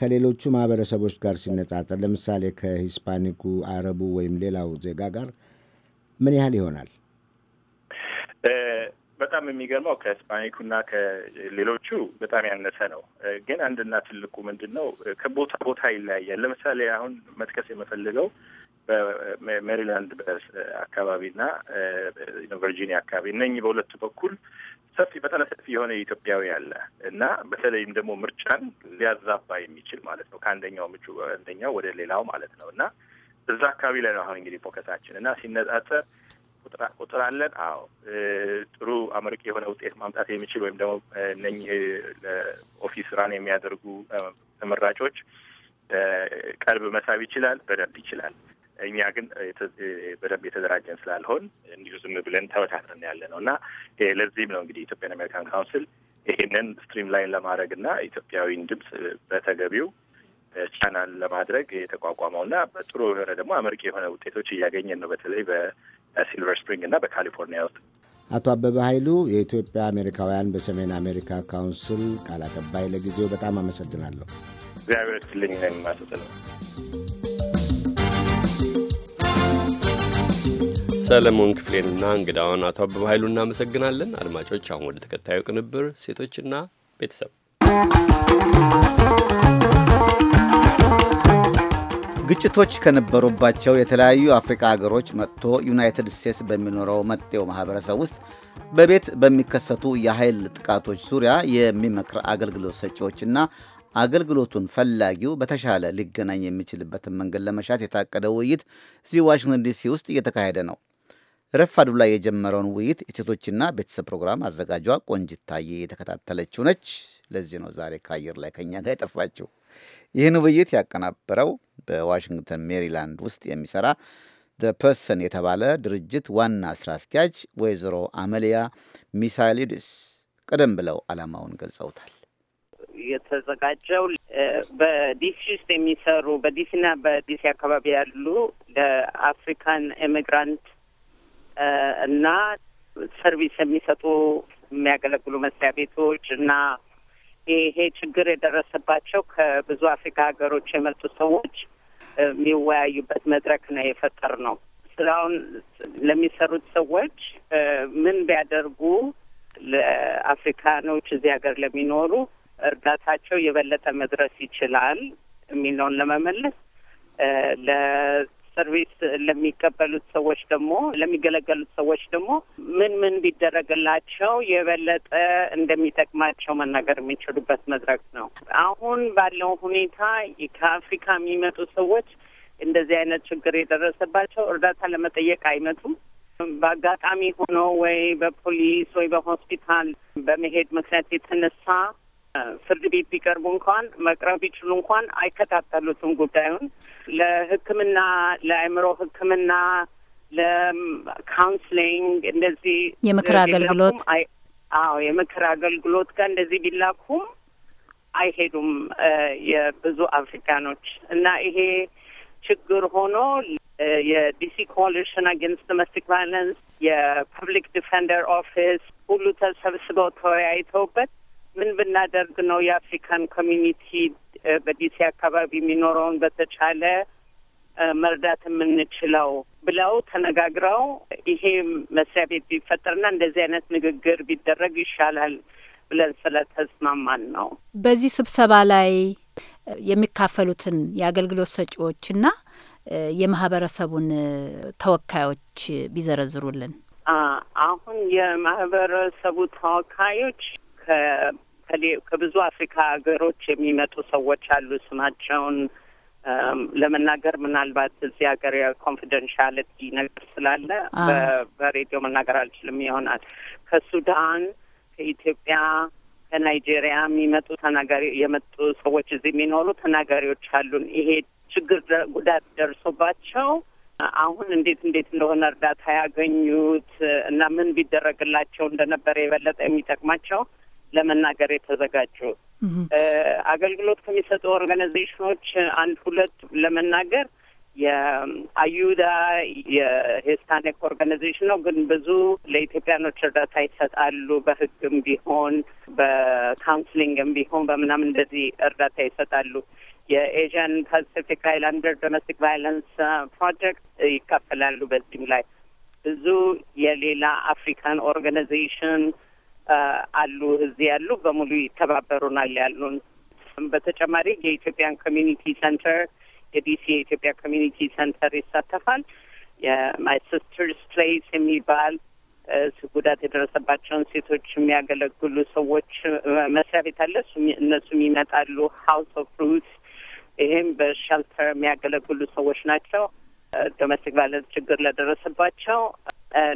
ከሌሎቹ ማህበረሰቦች ጋር ሲነጻጸር፣ ለምሳሌ ከሂስፓኒኩ፣ አረቡ ወይም ሌላው ዜጋ ጋር ምን ያህል ይሆናል? በጣም የሚገርመው ከስፓኒኩና ከሌሎቹ በጣም ያነሰ ነው። ግን አንድና ትልቁ ምንድን ነው ከቦታ ቦታ ይለያያል። ለምሳሌ አሁን መጥቀስ የምፈልገው በሜሪላንድ አካባቢና ቨርጂኒያ አካባቢ እነኚህ በሁለቱ በኩል ሰፊ በጣም ሰፊ የሆነ ኢትዮጵያዊ አለ እና በተለይም ደግሞ ምርጫን ሊያዛባ የሚችል ማለት ነው ከአንደኛው ምጩ አንደኛው ወደ ሌላው ማለት ነው እና እዛ አካባቢ ላይ ነው አሁን እንግዲህ ፎከሳችን እና ሲነጻጸር ቁጥር አለን። አዎ ጥሩ አመርቂ የሆነ ውጤት ማምጣት የሚችል ወይም ደግሞ እነኚህ ኦፊስ ስራን የሚያደርጉ ተመራጮች ቀልብ መሳብ ይችላል፣ በደንብ ይችላል። እኛ ግን በደንብ የተደራጀን ስላልሆን እንዲሁ ዝም ብለን ተበታትረን ያለ ነው እና ለዚህም ነው እንግዲህ ኢትዮጵያን አሜሪካን ካውንስል ይህንን ስትሪም ላይን ለማድረግ እና ኢትዮጵያዊን ድምፅ በተገቢው ቻናል ለማድረግ የተቋቋመው እና ጥሩ የሆነ ደግሞ አመርቂ የሆነ ውጤቶች እያገኘን ነው። በተለይ በሲልቨር ስፕሪንግ እና በካሊፎርኒያ ውስጥ አቶ አበበ ኃይሉ የኢትዮጵያ አሜሪካውያን በሰሜን አሜሪካ ካውንስል ቃል አቀባይ፣ ለጊዜው በጣም አመሰግናለሁ። እግዚአብሔር ይስጥልኝ። የማሰጥ ነው። ሰለሞን ክፍሌንና እንግዳውን አቶ አበበ ኃይሉ እናመሰግናለን። አድማጮች፣ አሁን ወደ ተከታዩ ቅንብር ሴቶችና ቤተሰብ ግጭቶች ከነበሩባቸው የተለያዩ አፍሪካ ሀገሮች መጥቶ ዩናይትድ ስቴትስ በሚኖረው መጤው ማህበረሰብ ውስጥ በቤት በሚከሰቱ የኃይል ጥቃቶች ዙሪያ የሚመክር አገልግሎት ሰጪዎችና አገልግሎቱን ፈላጊው በተሻለ ሊገናኝ የሚችልበትን መንገድ ለመሻት የታቀደ ውይይት እዚህ ዋሽንግተን ዲሲ ውስጥ እየተካሄደ ነው። ረፋዱ ላይ የጀመረውን ውይይት የሴቶችና ቤተሰብ ፕሮግራም አዘጋጇ ቆንጅት ታዬ የተከታተለችው ነች። ለዚህ ነው ዛሬ ከአየር ላይ ከኛ ጋር የጠፋችው። ይህን ውይይት ያቀናበረው በዋሽንግተን ሜሪላንድ ውስጥ የሚሰራ ፐርሰን የተባለ ድርጅት ዋና ስራ አስኪያጅ ወይዘሮ አመሊያ ሚሳይሊድስ ቀደም ብለው ዓላማውን ገልጸውታል። የተዘጋጀው በዲሲ ውስጥ የሚሰሩ በዲሲና በዲሲ አካባቢ ያሉ ለአፍሪካን ኢሚግራንት እና ሰርቪስ የሚሰጡ የሚያገለግሉ መስሪያ ቤቶች እና ይሄ ችግር የደረሰባቸው ከብዙ አፍሪካ ሀገሮች የመጡ ሰዎች የሚወያዩበት መድረክ ነው የፈጠር ነው። ስራውን ለሚሰሩት ሰዎች ምን ቢያደርጉ ለአፍሪካኖች እዚህ ሀገር ለሚኖሩ እርዳታቸው የበለጠ መድረስ ይችላል የሚለውን ለመመለስ ሰርቪስ ለሚቀበሉት ሰዎች ደግሞ ለሚገለገሉት ሰዎች ደግሞ ምን ምን ቢደረግላቸው የበለጠ እንደሚጠቅማቸው መናገር የሚችሉበት መድረክ ነው። አሁን ባለው ሁኔታ ከአፍሪካ የሚመጡ ሰዎች እንደዚህ አይነት ችግር የደረሰባቸው እርዳታ ለመጠየቅ አይመጡም። በአጋጣሚ ሆኖ ወይ በፖሊስ ወይ በሆስፒታል በመሄድ ምክንያት የተነሳ ፍርድ ቤት ቢቀርቡ እንኳን መቅረብ ቢችሉ እንኳን አይከታተሉትም ጉዳዩን። ለህክምና ለአእምሮ ህክምና ለካውንስሊንግ እንደዚህ የምክር አገልግሎት አዎ የምክር አገልግሎት ጋር እንደዚህ ቢላኩም አይሄዱም የብዙ አፍሪካኖች እና ይሄ ችግር ሆኖ የዲሲ ኮሊሽን አጌንስት ዶሜስቲክ ቫይለንስ የፐብሊክ ዲፌንደር ኦፊስ ሁሉ ተሰብስበው ተወያይተውበት ምን ብናደርግ ነው የአፍሪካን ኮሚኒቲ በዲሲ አካባቢ የሚኖረውን በተቻለ መርዳት የምንችለው ብለው ተነጋግረው ይሄ መስሪያ ቤት ቢፈጠርና እንደዚህ አይነት ንግግር ቢደረግ ይሻላል ብለን ስለተስማማን ነው። በዚህ ስብሰባ ላይ የሚካፈሉትን የአገልግሎት ሰጪዎችና የማህበረሰቡን ተወካዮች ቢዘረዝሩልን። አሁን የማህበረሰቡ ተወካዮች ከብዙ አፍሪካ ሀገሮች የሚመጡ ሰዎች አሉ። ስማቸውን ለመናገር ምናልባት እዚህ ሀገር የኮንፊደንሻልቲ ነገር ስላለ በሬዲዮ መናገር አልችልም ይሆናል። ከሱዳን፣ ከኢትዮጵያ፣ ከናይጄሪያ የሚመጡ ተናጋሪ የመጡ ሰዎች እዚህ የሚኖሩ ተናጋሪዎች አሉን። ይሄ ችግር ጉዳት ደርሶባቸው አሁን እንዴት እንዴት እንደሆነ እርዳታ ያገኙት እና ምን ቢደረግላቸው እንደነበረ የበለጠ የሚጠቅማቸው ለመናገር የተዘጋጁ አገልግሎት ከሚሰጡ ኦርጋናይዜሽኖች አንድ ሁለት ለመናገር የአዩዳ የሂስፓኒክ ኦርጋናይዜሽን ነው፣ ግን ብዙ ለኢትዮጵያኖች እርዳታ ይሰጣሉ። በህግም ቢሆን በካውንስሊንግም ቢሆን በምናምን እንደዚህ እርዳታ ይሰጣሉ። የኤዥያን ፓሲፊክ አይላንደር ዶሜስቲክ ቫይለንስ ፕሮጀክት ይካፈላሉ። በዚህም ላይ ብዙ የሌላ አፍሪካን ኦርጋናይዜሽን አሉ እዚህ ያሉ በሙሉ ይተባበሩናል ያሉን። በተጨማሪ የኢትዮጵያን ኮሚኒቲ ሴንተር የዲሲ የኢትዮጵያ ኮሚኒቲ ሴንተር ይሳተፋል። የማይ ሲስተርስ ፕሌስ የሚባል ጉዳት የደረሰባቸውን ሴቶች የሚያገለግሉ ሰዎች መስሪያ ቤት አለ። እነሱም ይመጣሉ። ሀውስ ኦፍ ሩት ይህም በሸልተር የሚያገለግሉ ሰዎች ናቸው። ዶሜስቲክ ቫይለንስ ችግር ለደረሰባቸው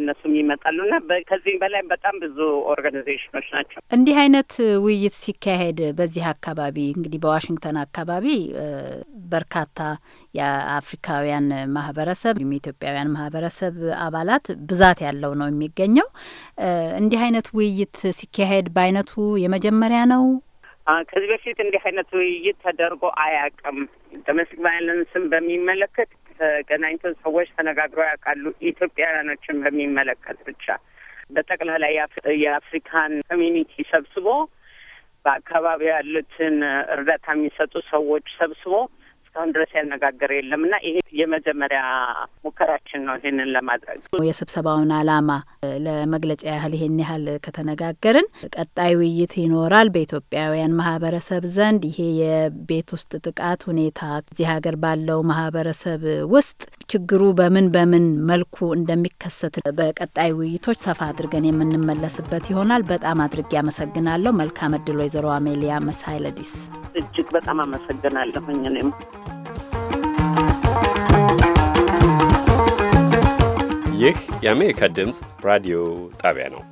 እነሱም ይመጣሉ ና ከዚህም በላይ በጣም ብዙ ኦርጋናይዜሽኖች ናቸው። እንዲህ አይነት ውይይት ሲካሄድ በዚህ አካባቢ እንግዲህ በዋሽንግተን አካባቢ በርካታ የአፍሪካውያን ማህበረሰብ የኢትዮጵያውያን ማህበረሰብ አባላት ብዛት ያለው ነው የሚገኘው። እንዲህ አይነት ውይይት ሲካሄድ በአይነቱ የመጀመሪያ ነው። ከዚህ በፊት እንዲህ አይነት ውይይት ተደርጎ አያውቅም። ዶሜስቲክ ቫይለንስን በሚመለከት ተገናኝተን ሰዎች ተነጋግረው ያውቃሉ። ኢትዮጵያውያኖችን በሚመለከት ብቻ በጠቅላላ የአፍሪካን ኮሚኒቲ ሰብስቦ በአካባቢው ያሉትን እርዳታ የሚሰጡ ሰዎች ሰብስቦ እስካሁን ድረስ ያነጋገር የለም እና ይሄ የመጀመሪያ ሙከራችን ነው ይህንን ለማድረግ። የስብሰባውን አላማ ለመግለጫ ያህል ይሄን ያህል ከተነጋገርን ቀጣይ ውይይት ይኖራል። በኢትዮጵያውያን ማህበረሰብ ዘንድ ይሄ የቤት ውስጥ ጥቃት ሁኔታ እዚህ ሀገር ባለው ማህበረሰብ ውስጥ ችግሩ በምን በምን መልኩ እንደሚከሰት በቀጣይ ውይይቶች ሰፋ አድርገን የምንመለስበት ይሆናል። በጣም አድርጌ አመሰግናለሁ። መልካም እድል ወይዘሮ አሜሊያ መሳይለዲስ። እጅግ በጣም አመሰግናለሁ። እኔም ይህ የአሜሪካ ድምፅ ራዲዮ ጣቢያ ነው።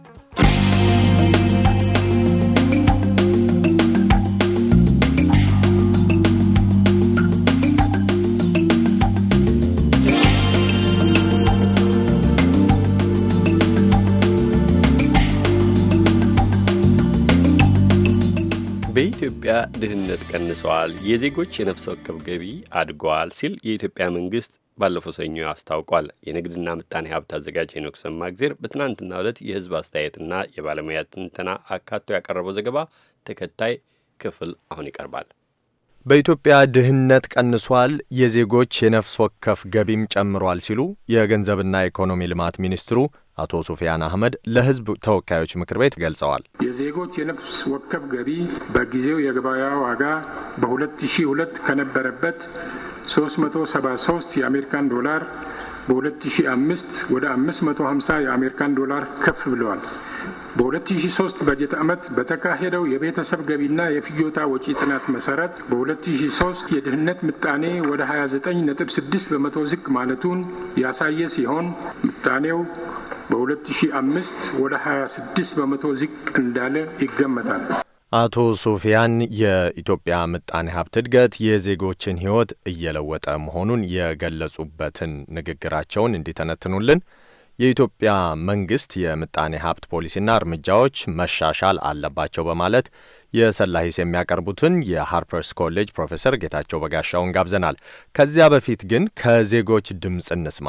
በኢትዮጵያ ድህነት ቀንሰዋል፣ የዜጎች የነፍስ ወከፍ ገቢ አድጓል ሲል የኢትዮጵያ መንግስት ባለፈው ሰኞ አስታውቋል። የንግድና ምጣኔ ሀብት አዘጋጅ ሄኖክ ሰማእግዜር በትናንትና ዕለት የህዝብ አስተያየትና የባለሙያ ትንተና አካቶ ያቀረበው ዘገባ ተከታይ ክፍል አሁን ይቀርባል። በኢትዮጵያ ድህነት ቀንሷል፣ የዜጎች የነፍስ ወከፍ ገቢም ጨምሯል ሲሉ የገንዘብና ኢኮኖሚ ልማት ሚኒስትሩ አቶ ሱፊያን አህመድ ለህዝብ ተወካዮች ምክር ቤት ገልጸዋል። የዜጎች የነፍስ ወከፍ ገቢ በጊዜው የገበያ ዋጋ በ2002 ከነበረበት 373 የአሜሪካን ዶላር በ2005 ወደ 550 የአሜሪካን ዶላር ከፍ ብለዋል። በ2003 በጀት ዓመት በተካሄደው የቤተሰብ ገቢና የፍጆታ ወጪ ጥናት መሰረት በ2003 የድህነት ምጣኔ ወደ 29.6 በመቶ ዝቅ ማለቱን ያሳየ ሲሆን ምጣኔው በ2005 ወደ 26 በመቶ ዝቅ እንዳለ ይገመታል። አቶ ሶፊያን የኢትዮጵያ ምጣኔ ሀብት እድገት የዜጎችን ሕይወት እየለወጠ መሆኑን የገለጹበትን ንግግራቸውን እንዲተነትኑልን የኢትዮጵያ መንግስት የምጣኔ ሀብት ፖሊሲና እርምጃዎች መሻሻል አለባቸው በማለት የሰላሂስ የሚያቀርቡትን የሃርፐርስ ኮሌጅ ፕሮፌሰር ጌታቸው በጋሻውን ጋብዘናል። ከዚያ በፊት ግን ከዜጎች ድምፅ እንስማ።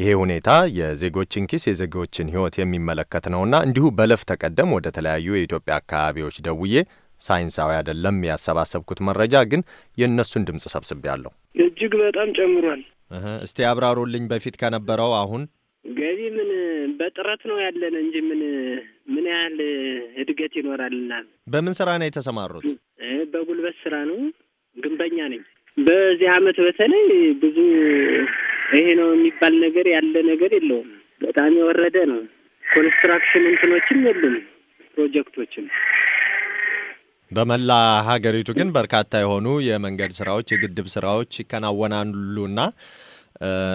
ይሄ ሁኔታ የዜጎችን ኪስ፣ የዜጎችን ህይወት የሚመለከት ነውና እንዲሁ በለፍ ተቀደም ወደ ተለያዩ የኢትዮጵያ አካባቢዎች ደውዬ ሳይንሳዊ አይደለም ያሰባሰብኩት መረጃ ግን የእነሱን ድምፅ ሰብስቤ ያለሁ እጅግ በጣም ጨምሯል። እስቲ አብራሩልኝ። በፊት ከነበረው አሁን ገቢ ምን በጥረት ነው ያለን እንጂ ምን ምን ያህል እድገት ይኖራልና። በምን ስራ ነው የተሰማሩት? በጉልበት ስራ ነው። ግንበኛ ነኝ። በዚህ አመት በተለይ ብዙ ይሄ ነው የሚባል ነገር ያለ ነገር የለውም። በጣም የወረደ ነው። ኮንስትራክሽን እንትኖችም የሉም ፕሮጀክቶችም። በመላ ሀገሪቱ ግን በርካታ የሆኑ የመንገድ ስራዎች፣ የግድብ ስራዎች ይከናወናሉና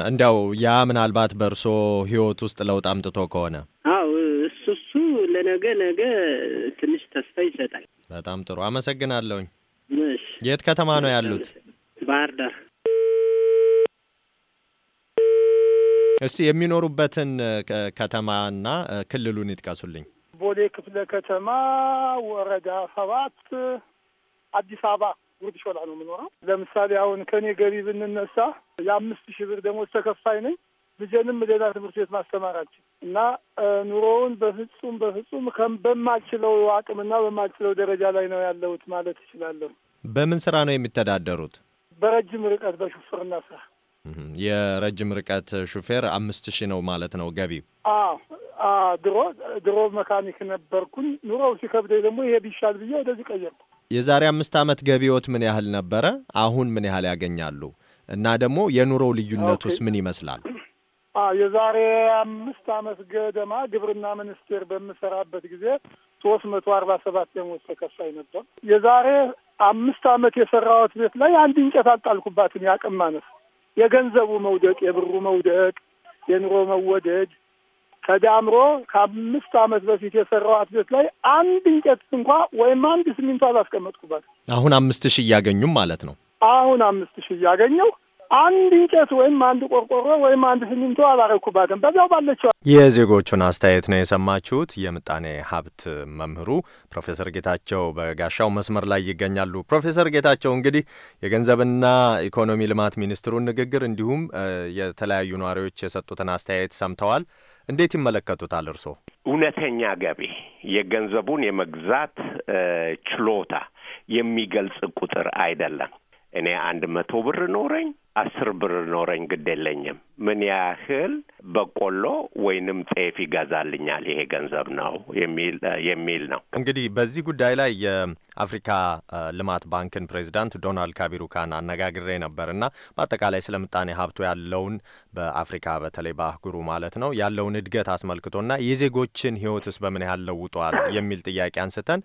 እንዲያው ያ ምናልባት በእርሶ ህይወት ውስጥ ለውጥ አምጥቶ ከሆነ አው እሱ እሱ ለነገ ነገ ትንሽ ተስፋ ይሰጣል። በጣም ጥሩ አመሰግናለሁኝ። የት ከተማ ነው ያሉት? ባህር ዳር። እስቲ የሚኖሩበትን ከተማና ክልሉን ይጥቀሱልኝ። ቦሌ ክፍለ ከተማ ወረዳ ሰባት አዲስ አበባ ጉርድ ሾላ ነው የምኖረው። ለምሳሌ አሁን ከኔ ገቢ ብንነሳ የአምስት ሺህ ብር ደሞዝ ተከፋይ ነኝ። ልጄንም ሌላ ትምህርት ቤት ማስተማራችን እና ኑሮውን በፍጹም በፍጹም በማልችለው አቅምና በማልችለው ደረጃ ላይ ነው ያለሁት ማለት እችላለሁ። በምን ስራ ነው የሚተዳደሩት? በረጅም ርቀት በሹፍርና ስራ። የረጅም ርቀት ሹፌር አምስት ሺህ ነው ማለት ነው ገቢው? ድሮ ድሮ መካኒክ ነበርኩኝ። ኑሮው ሲከብደኝ ደግሞ ይሄ ቢሻል ብዬ ወደዚህ ቀየርኩ። የዛሬ አምስት ዓመት ገቢዎት ምን ያህል ነበረ? አሁን ምን ያህል ያገኛሉ? እና ደግሞ የኑሮው ልዩነቱስ ምን ይመስላል? የዛሬ አምስት ዓመት ገደማ ግብርና ሚኒስቴር በምሰራበት ጊዜ ሶስት መቶ አርባ ሰባት ደሞዝ ተከፋይ ነበር። የዛሬ አምስት ዓመት የሰራሁት ቤት ላይ አንድ እንጨት አልጣልኩባትም። ያቅም ማነስ፣ የገንዘቡ መውደቅ፣ የብሩ መውደቅ፣ የኑሮ መወደድ ተዳምሮ ከአምስት ዓመት በፊት የሰራኋት ቤት ላይ አንድ እንጨት እንኳ ወይም አንድ ሲሚንቶ አላስቀመጥኩበት። አሁን አምስት ሺህ እያገኙም ማለት ነው። አሁን አምስት ሺህ እያገኘው አንድ እንጨት ወይም አንድ ቆርቆሮ ወይም አንድ ሲሚንቶ አላረኩባትም። በዛው ባለችው የዜጎቹን አስተያየት ነው የሰማችሁት። የምጣኔ ሀብት መምህሩ ፕሮፌሰር ጌታቸው በጋሻው መስመር ላይ ይገኛሉ። ፕሮፌሰር ጌታቸው እንግዲህ የገንዘብና ኢኮኖሚ ልማት ሚኒስትሩን ንግግር እንዲሁም የተለያዩ ነዋሪዎች የሰጡትን አስተያየት ሰምተዋል። እንዴት ይመለከቱታል እርስዎ? እውነተኛ ገቢ የገንዘቡን የመግዛት ችሎታ የሚገልጽ ቁጥር አይደለም። እኔ አንድ መቶ ብር ኖረኝ አስር ብር ኖረኝ ግድ የለኝም ምን ያህል በቆሎ ወይንም ጤፍ ይገዛልኛል ይሄ ገንዘብ ነው የሚል የሚል ነው። እንግዲህ በዚህ ጉዳይ ላይ የአፍሪካ ልማት ባንክን ፕሬዚዳንት ዶናልድ ካቢሩካን አነጋግሬ ነበር እና በአጠቃላይ ስለ ምጣኔ ሀብቱ ያለውን በአፍሪካ በተለይ በአህጉሩ ማለት ነው ያለውን እድገት አስመልክቶና የዜጎችን ህይወትስ በምን ያህል ለውጧል የሚል ጥያቄ አንስተን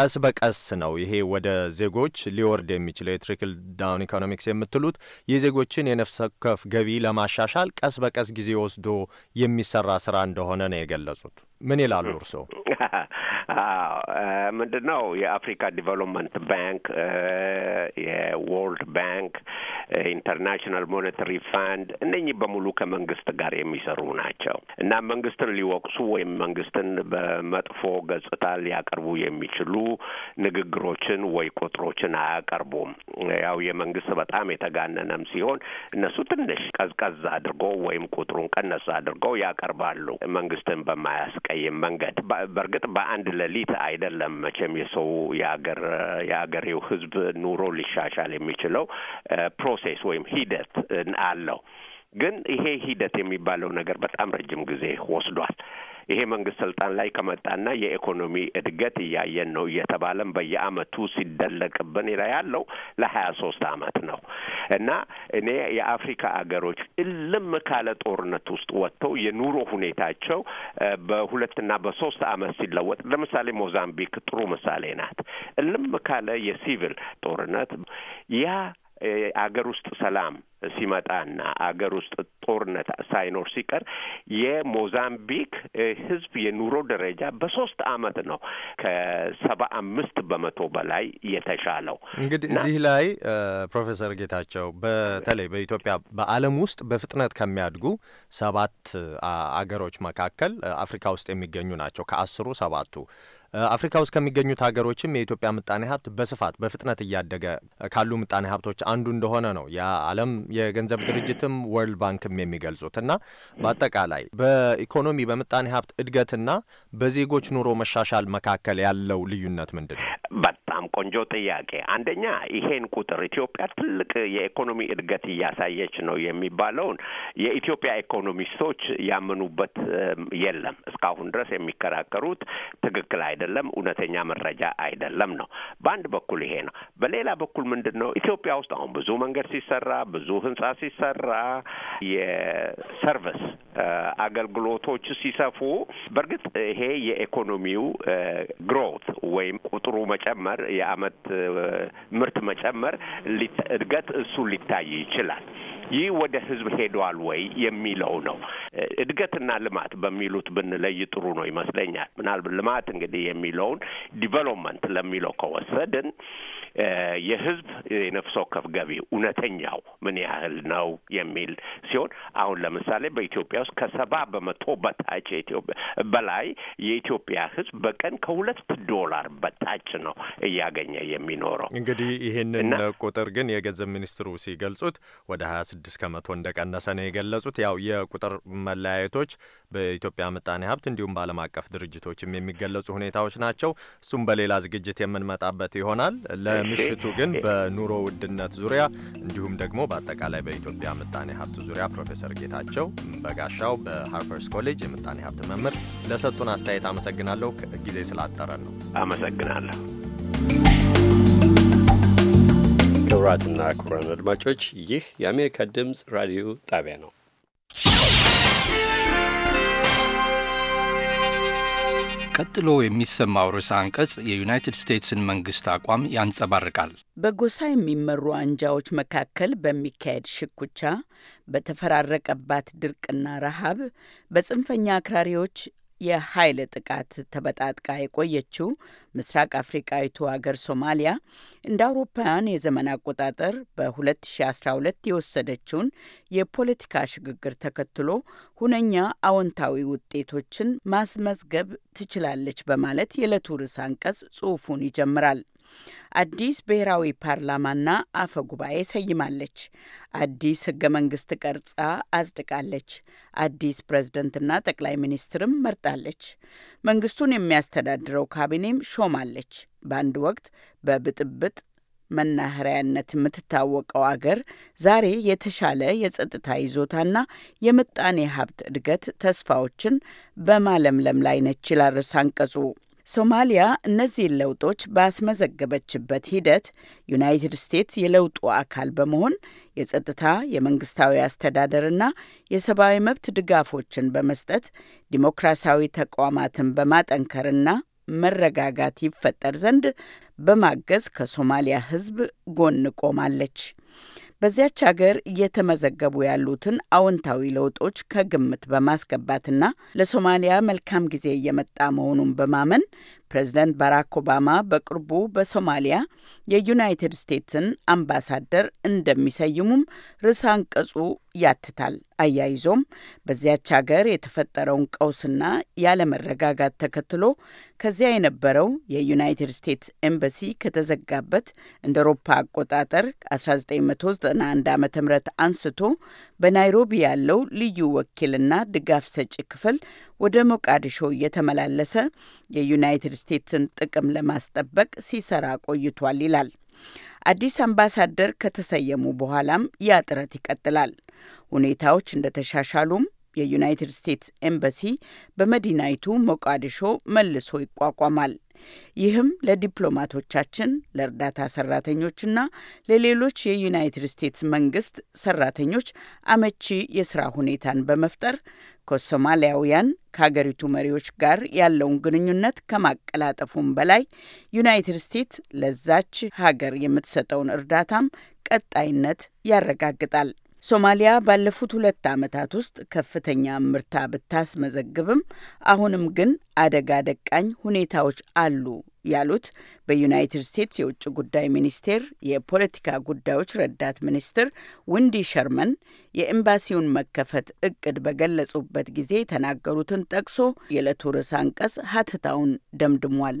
ቀስ በቀስ ነው ይሄ ወደ ዜጎች ሊወርድ የሚችለው የትሪክል ዳውን ኢኮኖሚክስ የምትሉት የዜጎችን የነፍስ ወከፍ ገቢ ለማሻሻል ቀስ በቀስ ጊዜ ወስዶ የሚሰራ ስራ እንደሆነ ነው የገለጹት። ምን ይላሉ እርስዎ? ምንድን ነው የአፍሪካ ዲቨሎፕመንት ባንክ፣ የወርልድ ባንክ፣ ኢንተርናሽናል ሞኔተሪ ፋንድ እነኚህ በሙሉ ከመንግስት ጋር የሚሰሩ ናቸው እና መንግስትን ሊወቅሱ ወይም መንግስትን በመጥፎ ገጽታ ሊያቀርቡ የሚችሉ ንግግሮችን ወይ ቁጥሮችን አያቀርቡም። ያው የመንግስት በጣም የተጋነነም ሲሆን እነሱ ትንሽ ቀዝቀዝ አድርገው ወይም ቁጥሩን ቀነስ አድርገው ያቀርባሉ መንግስትን በማያስቀ በተለያየ መንገድ በእርግጥ በአንድ ሌሊት አይደለም መቼም የሰው የሀገር የሀገሬው ህዝብ ኑሮ ሊሻሻል የሚችለው ፕሮሴስ ወይም ሂደት አለው። ግን ይሄ ሂደት የሚባለው ነገር በጣም ረጅም ጊዜ ወስዷል። ይሄ መንግስት ስልጣን ላይ ከመጣና የኢኮኖሚ እድገት እያየን ነው እየተባለም በየአመቱ ሲደለቅብን ያለው ለሀያ ሶስት አመት ነው እና እኔ የአፍሪካ አገሮች እልም ካለ ጦርነት ውስጥ ወጥተው የኑሮ ሁኔታቸው በሁለትና በሶስት አመት ሲለወጥ ለምሳሌ ሞዛምቢክ ጥሩ ምሳሌ ናት። እልም ካለ የሲቪል ጦርነት ያ አገር ውስጥ ሰላም ሲመጣና አገር ውስጥ ጦርነት ሳይኖር ሲቀር የሞዛምቢክ ሕዝብ የኑሮ ደረጃ በሶስት አመት ነው ከሰባ አምስት በመቶ በላይ የተሻለው። እንግዲህ እዚህ ላይ ፕሮፌሰር ጌታቸው በተለይ በኢትዮጵያ በዓለም ውስጥ በፍጥነት ከሚያድጉ ሰባት አገሮች መካከል አፍሪካ ውስጥ የሚገኙ ናቸው ከአስሩ ሰባቱ አፍሪካ ውስጥ ከሚገኙት ሀገሮችም የኢትዮጵያ ምጣኔ ሀብት በስፋት በፍጥነት እያደገ ካሉ ምጣኔ ሀብቶች አንዱ እንደሆነ ነው የዓለም የገንዘብ ድርጅትም ወርልድ ባንክም የሚገልጹት እና በአጠቃላይ በኢኮኖሚ በምጣኔ ሀብት እድገትና በዜጎች ኑሮ መሻሻል መካከል ያለው ልዩነት ምንድን ነው? በጣም ቆንጆ ጥያቄ። አንደኛ ይሄን ቁጥር ኢትዮጵያ ትልቅ የኢኮኖሚ እድገት እያሳየች ነው የሚባለውን የኢትዮጵያ ኢኮኖሚስቶች ያመኑበት የለም። እስካሁን ድረስ የሚከራከሩት ትክክል አይደለም። አይደለም፣ እውነተኛ መረጃ አይደለም ነው። በአንድ በኩል ይሄ ነው። በሌላ በኩል ምንድን ነው ኢትዮጵያ ውስጥ አሁን ብዙ መንገድ ሲሰራ፣ ብዙ ህንጻ ሲሰራ፣ የሰርቪስ አገልግሎቶች ሲሰፉ፣ በእርግጥ ይሄ የኢኮኖሚው ግሮውት ወይም ቁጥሩ መጨመር የአመት ምርት መጨመር እድገት እሱ ሊታይ ይችላል። ይህ ወደ ህዝብ ሄዷል ወይ የሚለው ነው። እድገትና ልማት በሚሉት ብንለይ ጥሩ ነው ይመስለኛል። ምናልባት ልማት እንግዲህ የሚለውን ዲቨሎፕመንት ለሚለው ከወሰድን የህዝብ የነፍስ ወከፍ ገቢ እውነተኛው ምን ያህል ነው የሚል ሲሆን አሁን ለምሳሌ በኢትዮጵያ ውስጥ ከሰባ በመቶ በታች የኢትዮጵያ በላይ የኢትዮጵያ ህዝብ በቀን ከሁለት ዶላር በታች ነው እያገኘ የሚኖረው። እንግዲህ ይህንን ቁጥር ግን የገንዘብ ሚኒስትሩ ሲገልጹት ወደ ሀያ ስድስት ከመቶ እንደቀነሰ ነው የገለጹት። ያው የቁጥር መለያየቶች በኢትዮጵያ ምጣኔ ሀብት እንዲሁም በዓለም አቀፍ ድርጅቶችም የሚገለጹ ሁኔታዎች ናቸው። እሱም በሌላ ዝግጅት የምንመጣበት ይሆናል። ለምሽቱ ግን በኑሮ ውድነት ዙሪያ እንዲሁም ደግሞ በአጠቃላይ በኢትዮጵያ ምጣኔ ሀብት ዙሪያ ፕሮፌሰር ጌታቸው በጋሻው በሃርፐርስ ኮሌጅ የምጣኔ ሀብት መምህር ለሰጡን አስተያየት አመሰግናለሁ። ጊዜ ስላጠረን ነው። አመሰግናለሁ። ክቡራትና ክቡራን አድማጮች ይህ የአሜሪካ ድምፅ ራዲዮ ጣቢያ ነው። ቀጥሎ የሚሰማው ርዕሰ አንቀጽ የዩናይትድ ስቴትስን መንግስት አቋም ያንጸባርቃል። በጎሳ የሚመሩ አንጃዎች መካከል በሚካሄድ ሽኩቻ፣ በተፈራረቀባት ድርቅና ረሃብ፣ በጽንፈኛ አክራሪዎች የኃይል ጥቃት ተበጣጥቃ የቆየችው ምስራቅ አፍሪቃዊቱ አገር ሶማሊያ እንደ አውሮፓውያን የዘመን አቆጣጠር በ2012 የወሰደችውን የፖለቲካ ሽግግር ተከትሎ ሁነኛ አዎንታዊ ውጤቶችን ማስመዝገብ ትችላለች በማለት የዕለቱ ርዕስ አንቀጽ ጽሑፉን ይጀምራል። አዲስ ብሔራዊ ፓርላማና አፈ ጉባኤ ሰይማለች። አዲስ ህገ መንግስት ቀርጻ አጽድቃለች። አዲስ ፕሬዝደንትና ጠቅላይ ሚኒስትርም መርጣለች። መንግስቱን የሚያስተዳድረው ካቢኔም ሾማለች። በአንድ ወቅት በብጥብጥ መናኸሪያነት የምትታወቀው አገር ዛሬ የተሻለ የጸጥታ ይዞታና የምጣኔ ሀብት እድገት ተስፋዎችን በማለምለም ላይ ነች ይላል ርዕሰ አንቀጹ። ሶማሊያ እነዚህን ለውጦች ባስመዘገበችበት ሂደት ዩናይትድ ስቴትስ የለውጡ አካል በመሆን የጸጥታ፣ የመንግስታዊ አስተዳደርና የሰብአዊ መብት ድጋፎችን በመስጠት ዲሞክራሲያዊ ተቋማትን በማጠንከርና መረጋጋት ይፈጠር ዘንድ በማገዝ ከሶማሊያ ሕዝብ ጎን ቆማለች። በዚያች ሀገር እየተመዘገቡ ያሉትን አዎንታዊ ለውጦች ከግምት በማስገባትና ለሶማሊያ መልካም ጊዜ እየመጣ መሆኑን በማመን ፕሬዝደንት ባራክ ኦባማ በቅርቡ በሶማሊያ የዩናይትድ ስቴትስን አምባሳደር እንደሚሰይሙም ርዕሰ አንቀጹ ያትታል። አያይዞም በዚያች ሀገር የተፈጠረውን ቀውስና ያለመረጋጋት ተከትሎ ከዚያ የነበረው የዩናይትድ ስቴትስ ኤምባሲ ከተዘጋበት እንደ አውሮፓ አቆጣጠር 1991 ዓ ም አንስቶ በናይሮቢ ያለው ልዩ ወኪልና ድጋፍ ሰጪ ክፍል ወደ ሞቃዲሾ እየተመላለሰ የዩናይትድ ስቴትስን ጥቅም ለማስጠበቅ ሲሰራ ቆይቷል ይላል። አዲስ አምባሳደር ከተሰየሙ በኋላም ያ ጥረት ይቀጥላል። ሁኔታዎች እንደተሻሻሉም የዩናይትድ ስቴትስ ኤምባሲ በመዲናይቱ ሞቃዲሾ መልሶ ይቋቋማል። ይህም ለዲፕሎማቶቻችን፣ ለእርዳታ ሰራተኞችና ለሌሎች የዩናይትድ ስቴትስ መንግስት ሰራተኞች አመቺ የስራ ሁኔታን በመፍጠር ከሶማሊያውያን ከሀገሪቱ መሪዎች ጋር ያለውን ግንኙነት ከማቀላጠፉም በላይ ዩናይትድ ስቴትስ ለዛች ሀገር የምትሰጠውን እርዳታም ቀጣይነት ያረጋግጣል። ሶማሊያ ባለፉት ሁለት ዓመታት ውስጥ ከፍተኛ ምርታ ብታስመዘግብም አሁንም ግን አደጋ ደቃኝ ሁኔታዎች አሉ ያሉት በዩናይትድ ስቴትስ የውጭ ጉዳይ ሚኒስቴር የፖለቲካ ጉዳዮች ረዳት ሚኒስትር ውንዲ ሸርመን የኤምባሲውን መከፈት እቅድ በገለጹበት ጊዜ የተናገሩትን ጠቅሶ የዕለቱ አንቀስ አንቀጽ ሀተታውን ደምድሟል።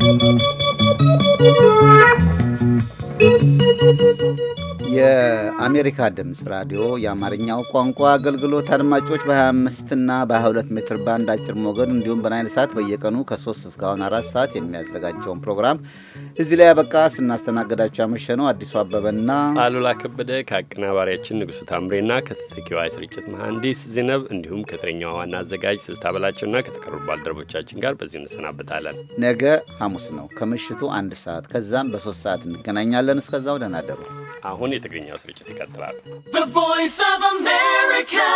የአሜሪካ ድምፅ ራዲዮ የአማርኛው ቋንቋ አገልግሎት አድማጮች በ25 እና በ22 ሜትር ባንድ አጭር ሞገድ እንዲሁም በናይል ሰዓት በየቀኑ ከ3 እስካሁን 4 ሰዓት የሚያዘጋጀውን ፕሮግራም እዚህ ላይ ያበቃ። ስናስተናግዳቸው ያመሸ ነው አዲሱ አበበና አሉላ ከበደ ከአቀናባሪያችን ንጉሱ ታምሬና ከተተኪዋ ስርጭት መሐንዲስ ዜነብ እንዲሁም ከተረኛዋ ዋና አዘጋጅ ትዝታ በላቸውና ከተቀሩ ባልደረቦቻችን ጋር በዚሁ እንሰናበታለን። ነገ ሐሙስ ነው ከምሽቱ አንድ ሰዓት ከዛም በሶስት ሰዓት እንገናኛለን። እስከዛው ደህና ደሩ አሁን ስርጭት ይቀጥላል። The Voice of America